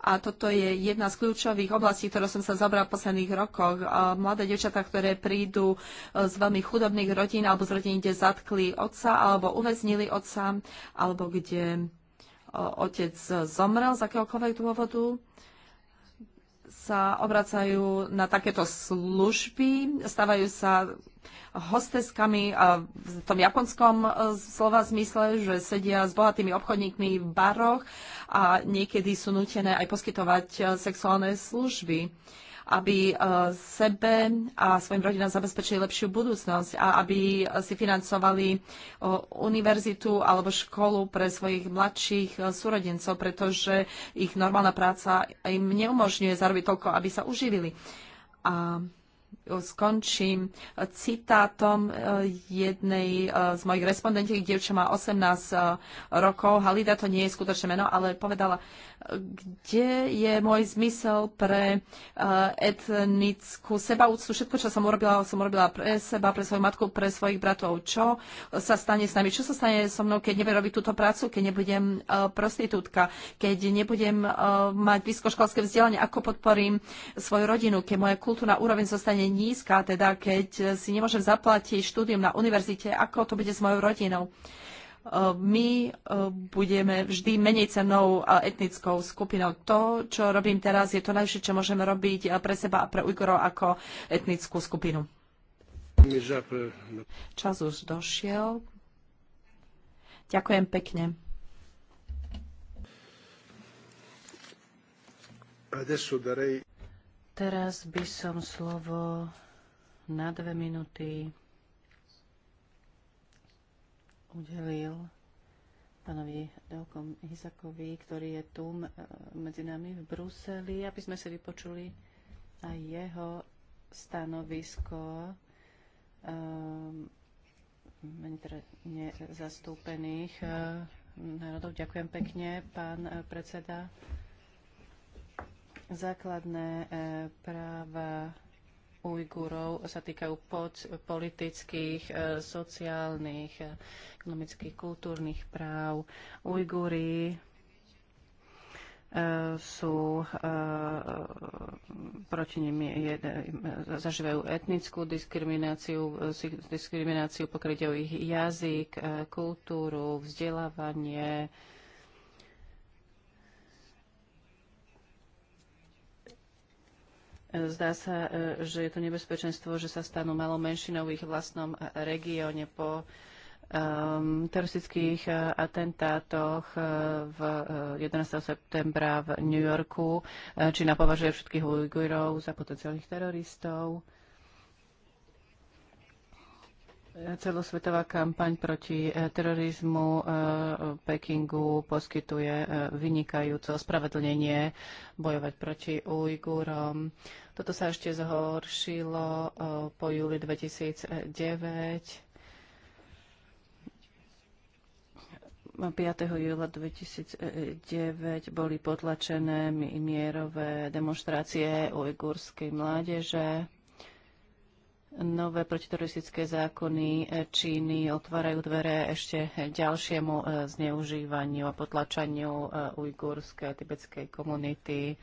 A toto je jedna z kľúčových oblastí, ktorou som sa zobral v posledných rokoch. Mladé devčatá, ktoré prídu z veľmi chudobných rodín alebo z rodín, kde zatkli otca alebo uväznili otca alebo kde otec zomrel z akéhokoľvek dôvodu, sa obracajú na takéto služby, stávajú sa hosteskami a v tom japonskom e, slova zmysle, že sedia s bohatými obchodníkmi v baroch a niekedy sú nutené aj poskytovať e, sexuálne služby aby e, sebe a svojim rodinám zabezpečili lepšiu budúcnosť a aby si financovali e, univerzitu alebo školu pre svojich mladších e, súrodencov, pretože ich normálna práca im neumožňuje zarobiť toľko, aby sa uživili. A skončím citátom e, jednej e, z mojich respondentiek, dievča má 18 e, rokov, Halida to nie je skutočné meno, ale povedala, kde je môj zmysel pre etnickú sebaúctu, všetko, čo som urobila, som urobila pre seba, pre svoju matku, pre svojich bratov, čo sa stane s nami, čo sa stane so mnou, keď nebudem robiť túto prácu, keď nebudem prostitútka, keď nebudem mať vysokoškolské vzdelanie, ako podporím svoju rodinu, keď moja kultúrna úroveň zostane nízka, teda keď si nemôžem zaplatiť štúdium na univerzite, ako to bude s mojou rodinou? Eh, my eh, budeme vždy menej cenou eh, etnickou skupinou. To, čo robím teraz, je to najvyššie, čo môžeme robiť pre seba a pre Ujgurov ako etnickú skupinu. Čas už došiel. Ďakujem pekne. Adesso darei Teraz by som slovo na dve minuty udelil pánovi Delkom Hisakovi, ktorý je tu medzi nami v Bruseli, aby sme si vypočuli aj jeho stanovisko um, ehm, nezastúpených eh, národov. Ďakujem pekne, pán eh, predseda. Základné e, práva Ujgurov sa týkajú pod politických, e, sociálnych, ekonomických, kultúrnych práv. Ujguri e, sú proti nim zažívajú etnickú diskrimináciu, diskrimináciu pokiaľ o ich jazyk, kultúru, vzdelávanie, Zdá sa, e, že je to nebezpečenstvo, že sa stanú malou menšinou v ich vlastnom e, regióne po um, teroristických e, atentátoch v 11. septembra v New Yorku. Či považuje všetkých Ujgurov za potenciálnych teroristov. Celosvetová kampaň proti terorizmu Pekingu poskytuje vynikajúce ospravedlnenie bojovať proti Ujgurom. Toto sa ešte zhoršilo e, po júli 2009. 5. júla 2009 boli potlačené mierové demonstrácie ujgurskej mládeže. Nové protiteroristické zákony e, Číny otvárajú dvere ešte ďalšiemu e, zneužívaniu a potlačaniu ujgurskej a tibetskej komunity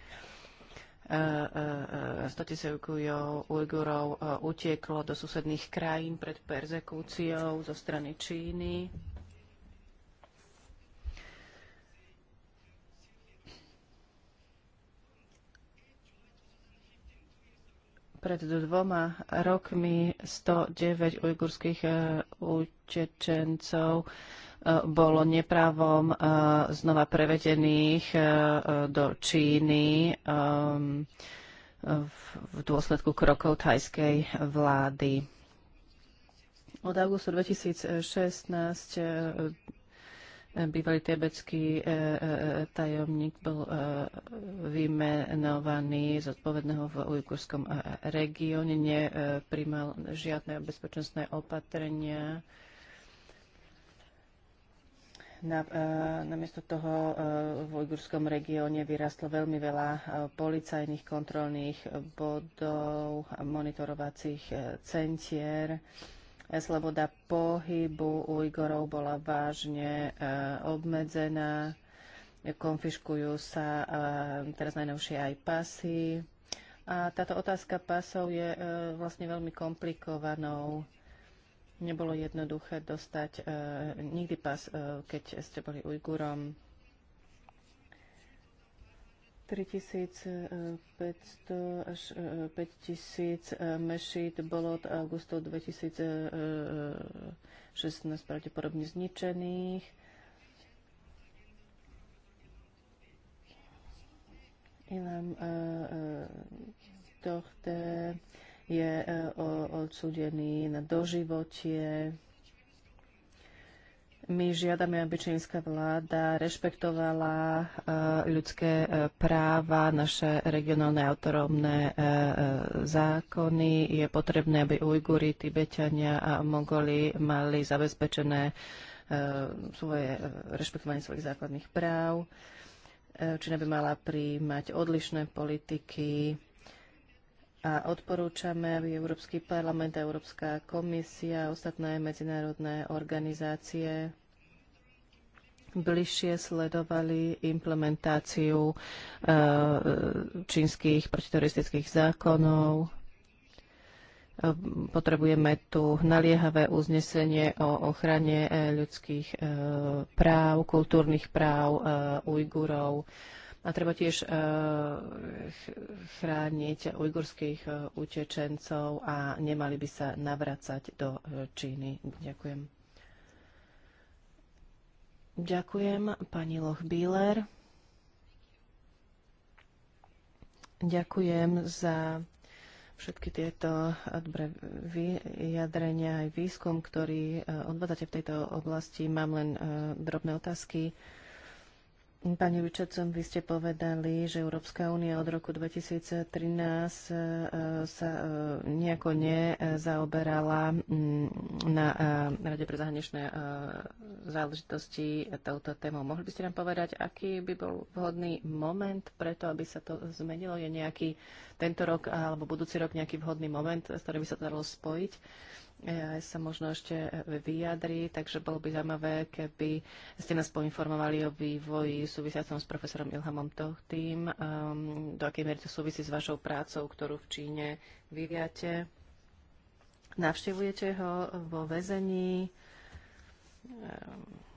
stotisíkujov Ujgurov e, utieklo do susedných krajín pred perzekúciou zo strany Číny. pred dvoma rokmi 109 ujgurských e, utečencov uh, bolo nepravom eh, znova prevedených eh, do Číny ehm, v dôsledku krokov thajskej vlády. Od augustu 2016 eh, bývalý tibetský tajomník bol vymenovaný z odpovedného v Ujkurskom regióne, neprimal žiadne bezpečnostné opatrenia na, e, namiesto toho e, v ujgurskom regióne vyrastlo veľmi veľa e, policajných kontrolných bodov, monitorovacích centier. Sloboda pohybu Ujgorov bola vážne obmedzená. Konfiškujú sa teraz najnovšie aj pasy. A táto otázka pasov je vlastne veľmi komplikovanou Nebolo jednoduché dostať e, nikdy pas, e, keď ste boli Ujgurom. 3500 e, až 5000 mešit bolo od augusta 2016 pravdepodobne zničených. Ilam Dochte je e, odsúdený na doživotie. My žiadame, aby čínska vláda rešpektovala e, ľudské e, práva, naše regionálne autonómne zákony. Je potrebné, aby Ujguri, Tibetania a Mongoli mali zabezpečené svoje, rešpektovanie svojich základných práv. Čína by mala príjmať odlišné politiky a odporúčame, aby Európsky parlament, Európska komisia a ostatné medzinárodné organizácie bližšie sledovali implementáciu e, čínskych protiteroristických zákonov. E, potrebujeme tu naliehavé uznesenie o ochrane e, ľudských práv, kultúrnych práv Ujgurov a treba tiež eh, chrániť ujgurských eh, utečencov a nemali by sa navracať do eh, Číny. Ďakujem. Ďakujem pani Loch-Bieler. Ďakujem za všetky tieto dobré vyjadrenia aj výskum, ktorý odvádzate v tejto oblasti. Mám len drobné otázky. Pani Richardson, vy ste povedali, že Európska únia od roku 2013 e, sa e, nejako nezaoberala mm, na e, Rade pre zahraničné záležitosti touto témou. Mohli by ste nám povedať, aký by bol vhodný moment preto, aby sa to zmenilo? Je nejaký tento rok alebo budúci rok nejaký vhodný moment, s ktorým by sa to dalo spojiť? E sa možno ešte vyjadri, takže bolo by zaujímavé, keby ste nás poinformovali o vývoji súvisiacom s profesorom Ilhamom Tohtým, um, do akej miery to súvisí s vašou prácou, ktorú v Číne vyviate. Navštevujete ho vo väzení. Um,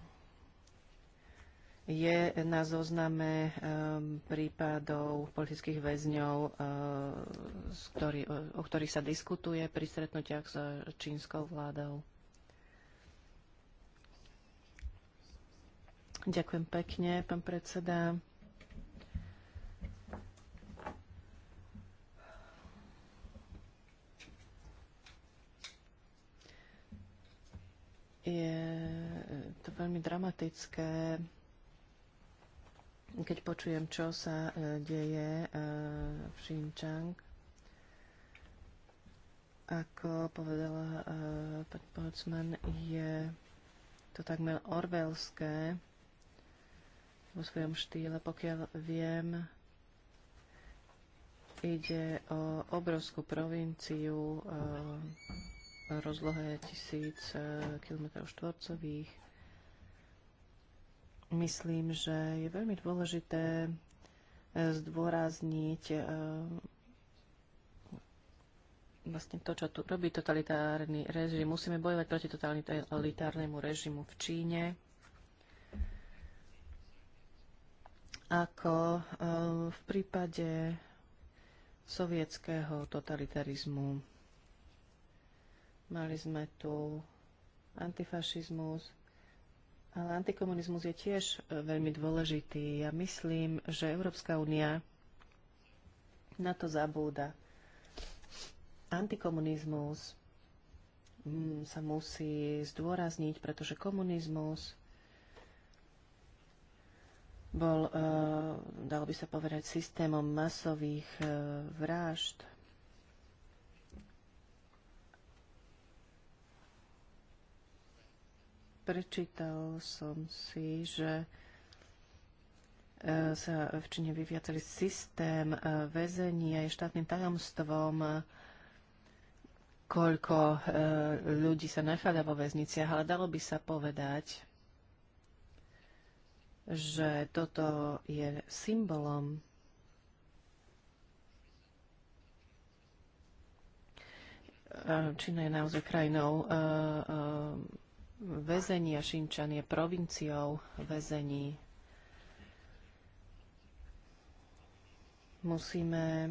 je na zozname ehm, prípadov politických väzňov, ehm, ktorý, o ktorých sa diskutuje pri stretnutiach s eh, čínskou vládou. Ďakujem pekne, pán predseda. Je to veľmi dramatické keď počujem, čo sa e, deje e, v Xinjiang, ako povedala e, pani Pocman, je to takmer orvelské vo svojom štýle. Pokiaľ viem, ide o obrovskú provinciu rozlohe tisíc kilometrov štvorcových Myslím, že je veľmi dôležité eh, zdôrazniť eh, vlastne to, čo tu robí totalitárny režim. Musíme bojovať proti totalitárnemu režimu v Číne. Ako eh, v prípade sovietského totalitarizmu. Mali sme tu antifašizmus, ale antikomunizmus je tiež e, veľmi dôležitý. Ja myslím, že Európska únia na to zabúda. Antikomunizmus mm, sa musí zdôrazniť, pretože komunizmus bol, e, dalo by sa povedať, systémom masových e, vražd, Prečítal som si, že e, sa v Číne vyvíja celý systém e, väzenia, je štátnym tajomstvom, e, koľko ľudí sa nachádza vo väzniciach, ale dalo by sa povedať, že toto je symbolom Čína je naozaj krajinou väzení a Šinčan je provinciou väzení. Musíme e,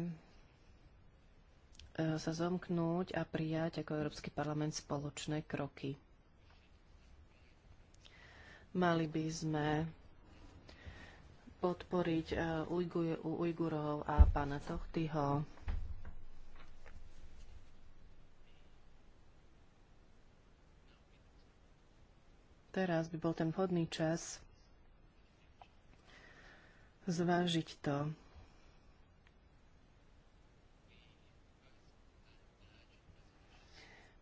sa zomknúť a prijať ako Európsky parlament spoločné kroky. Mali by sme podporiť e, Ujgurov a pána Tohtyho, teraz by bol ten vhodný čas zvážiť to.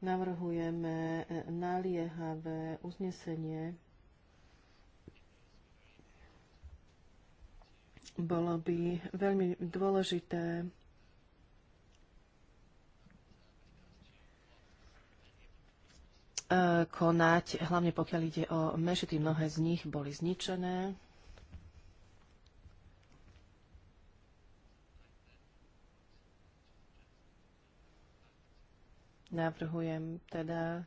Navrhujeme naliehavé uznesenie. Bolo by veľmi dôležité konať, hlavne pokiaľ ide o mešity. Mnohé z nich boli zničené. Navrhujem teda,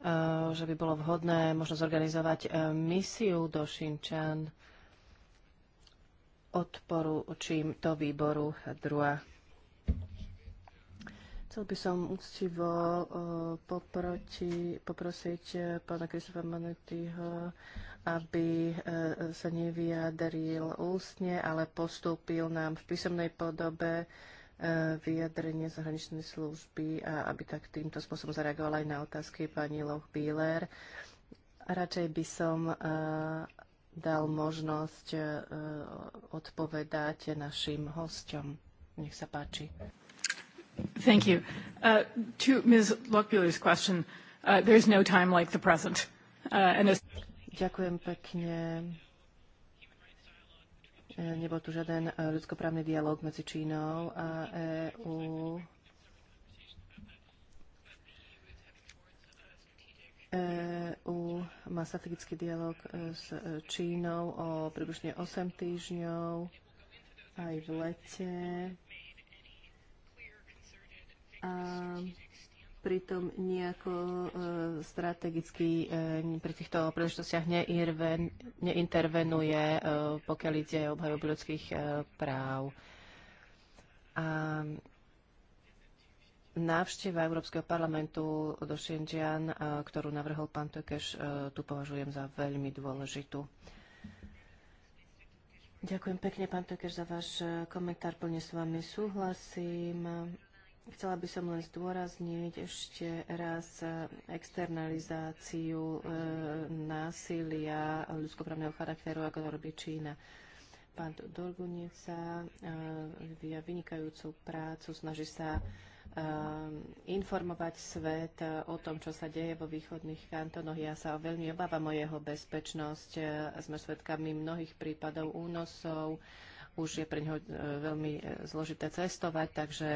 eh, že by bolo vhodné možno zorganizovať eh, misiu do Šinčan odporu čím to výboru druhá. Chcel by som úctivo e, poproti, poprosiť e, pána Krisova Manetyho, aby e, sa nevyjadril ústne, ale postúpil nám v písomnej podobe vyjadrenie zahraničnej služby a aby tak týmto spôsobom zareagovala aj na otázky pani Loch Bieler. Radšej by som dal možnosť odpovedať našim hosťom. Nech sa páči. Thank you. Uh, to Ms. Lockbuehler's question, uh, is no time like the present. Uh, and as... Ďakujem pekne. E, nebol tu žiaden e, ľudskoprávny dialog medzi Čínou a EÚ. EÚ má strategický dialog e, s Čínou o približne 8 týždňov aj v lete a pritom nejako e, strategicky e, pri týchto príležitostiach neintervenuje, e, pokiaľ ide o obhajobu ľudských práv. A návšteva Európskeho parlamentu do Xinjiang, ktorú navrhol pán Tökeš, tu považujem za veľmi dôležitú. Ďakujem pekne, pán Tökeš, za váš komentár. Plne s vami súhlasím. Chcela by som len zdôrazniť ešte raz e, externalizáciu e, násilia ľudskoprávneho charakteru, ako to robí Čína. Pán Dorgunica e, vyvíja vynikajúcu prácu, snaží sa e, informovať svet e, o tom, čo sa deje vo východných kantonoch. Ja sa veľmi obávam o jeho bezpečnosť. Sme svedkami mnohých prípadov únosov, už je pre ňoho e, veľmi e, zložité cestovať, takže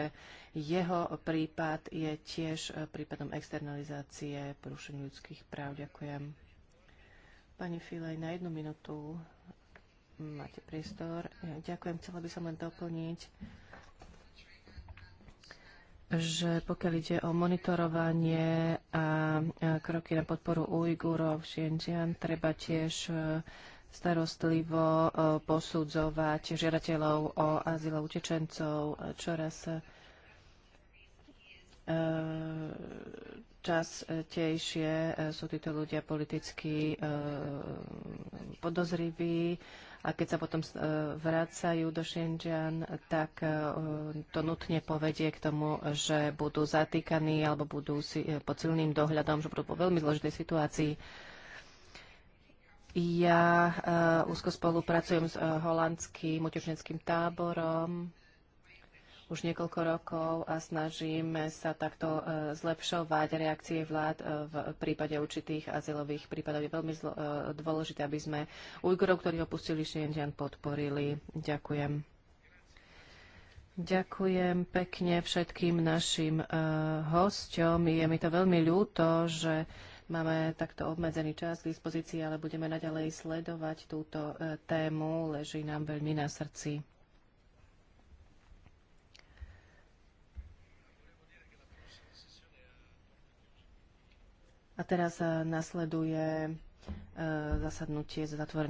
jeho prípad je tiež e, prípadom externalizácie porušenia ľudských práv. Ďakujem. Pani Filej, na jednu minútu máte priestor. Ďakujem, chcela by som len doplniť že pokiaľ ide o monitorovanie a kroky na podporu Ujgurov v Xinjiang, treba tiež starostlivo e, posudzovať žiadateľov o azyl a utečencov. E, čoraz e, častejšie sú títo ľudia politicky podozriví a keď sa potom vracajú do Xinjiang, tak to nutne povedie k tomu, že budú zatýkaní alebo budú pod silným dohľadom, že budú po veľmi zložitej situácii. Ja uh, úzko spolupracujem s uh, holandským utečeneckým táborom už niekoľko rokov a snažíme sa takto eh, zlepšovať reakcie vlád v prípade určitých azylových prípadov. Je veľmi zlo, dôležité, aby sme Ujgurov, ktorí opustili Xinjiang, podporili. Ďakujem. Ďakujem pekne všetkým našim uh, hosťom. Je mi to veľmi ľúto, že Máme takto obmedzený čas k dispozícii, ale budeme naďalej sledovať túto e, tému. Leží nám veľmi na srdci. A teraz e, nasleduje e, zasadnutie zatvorené.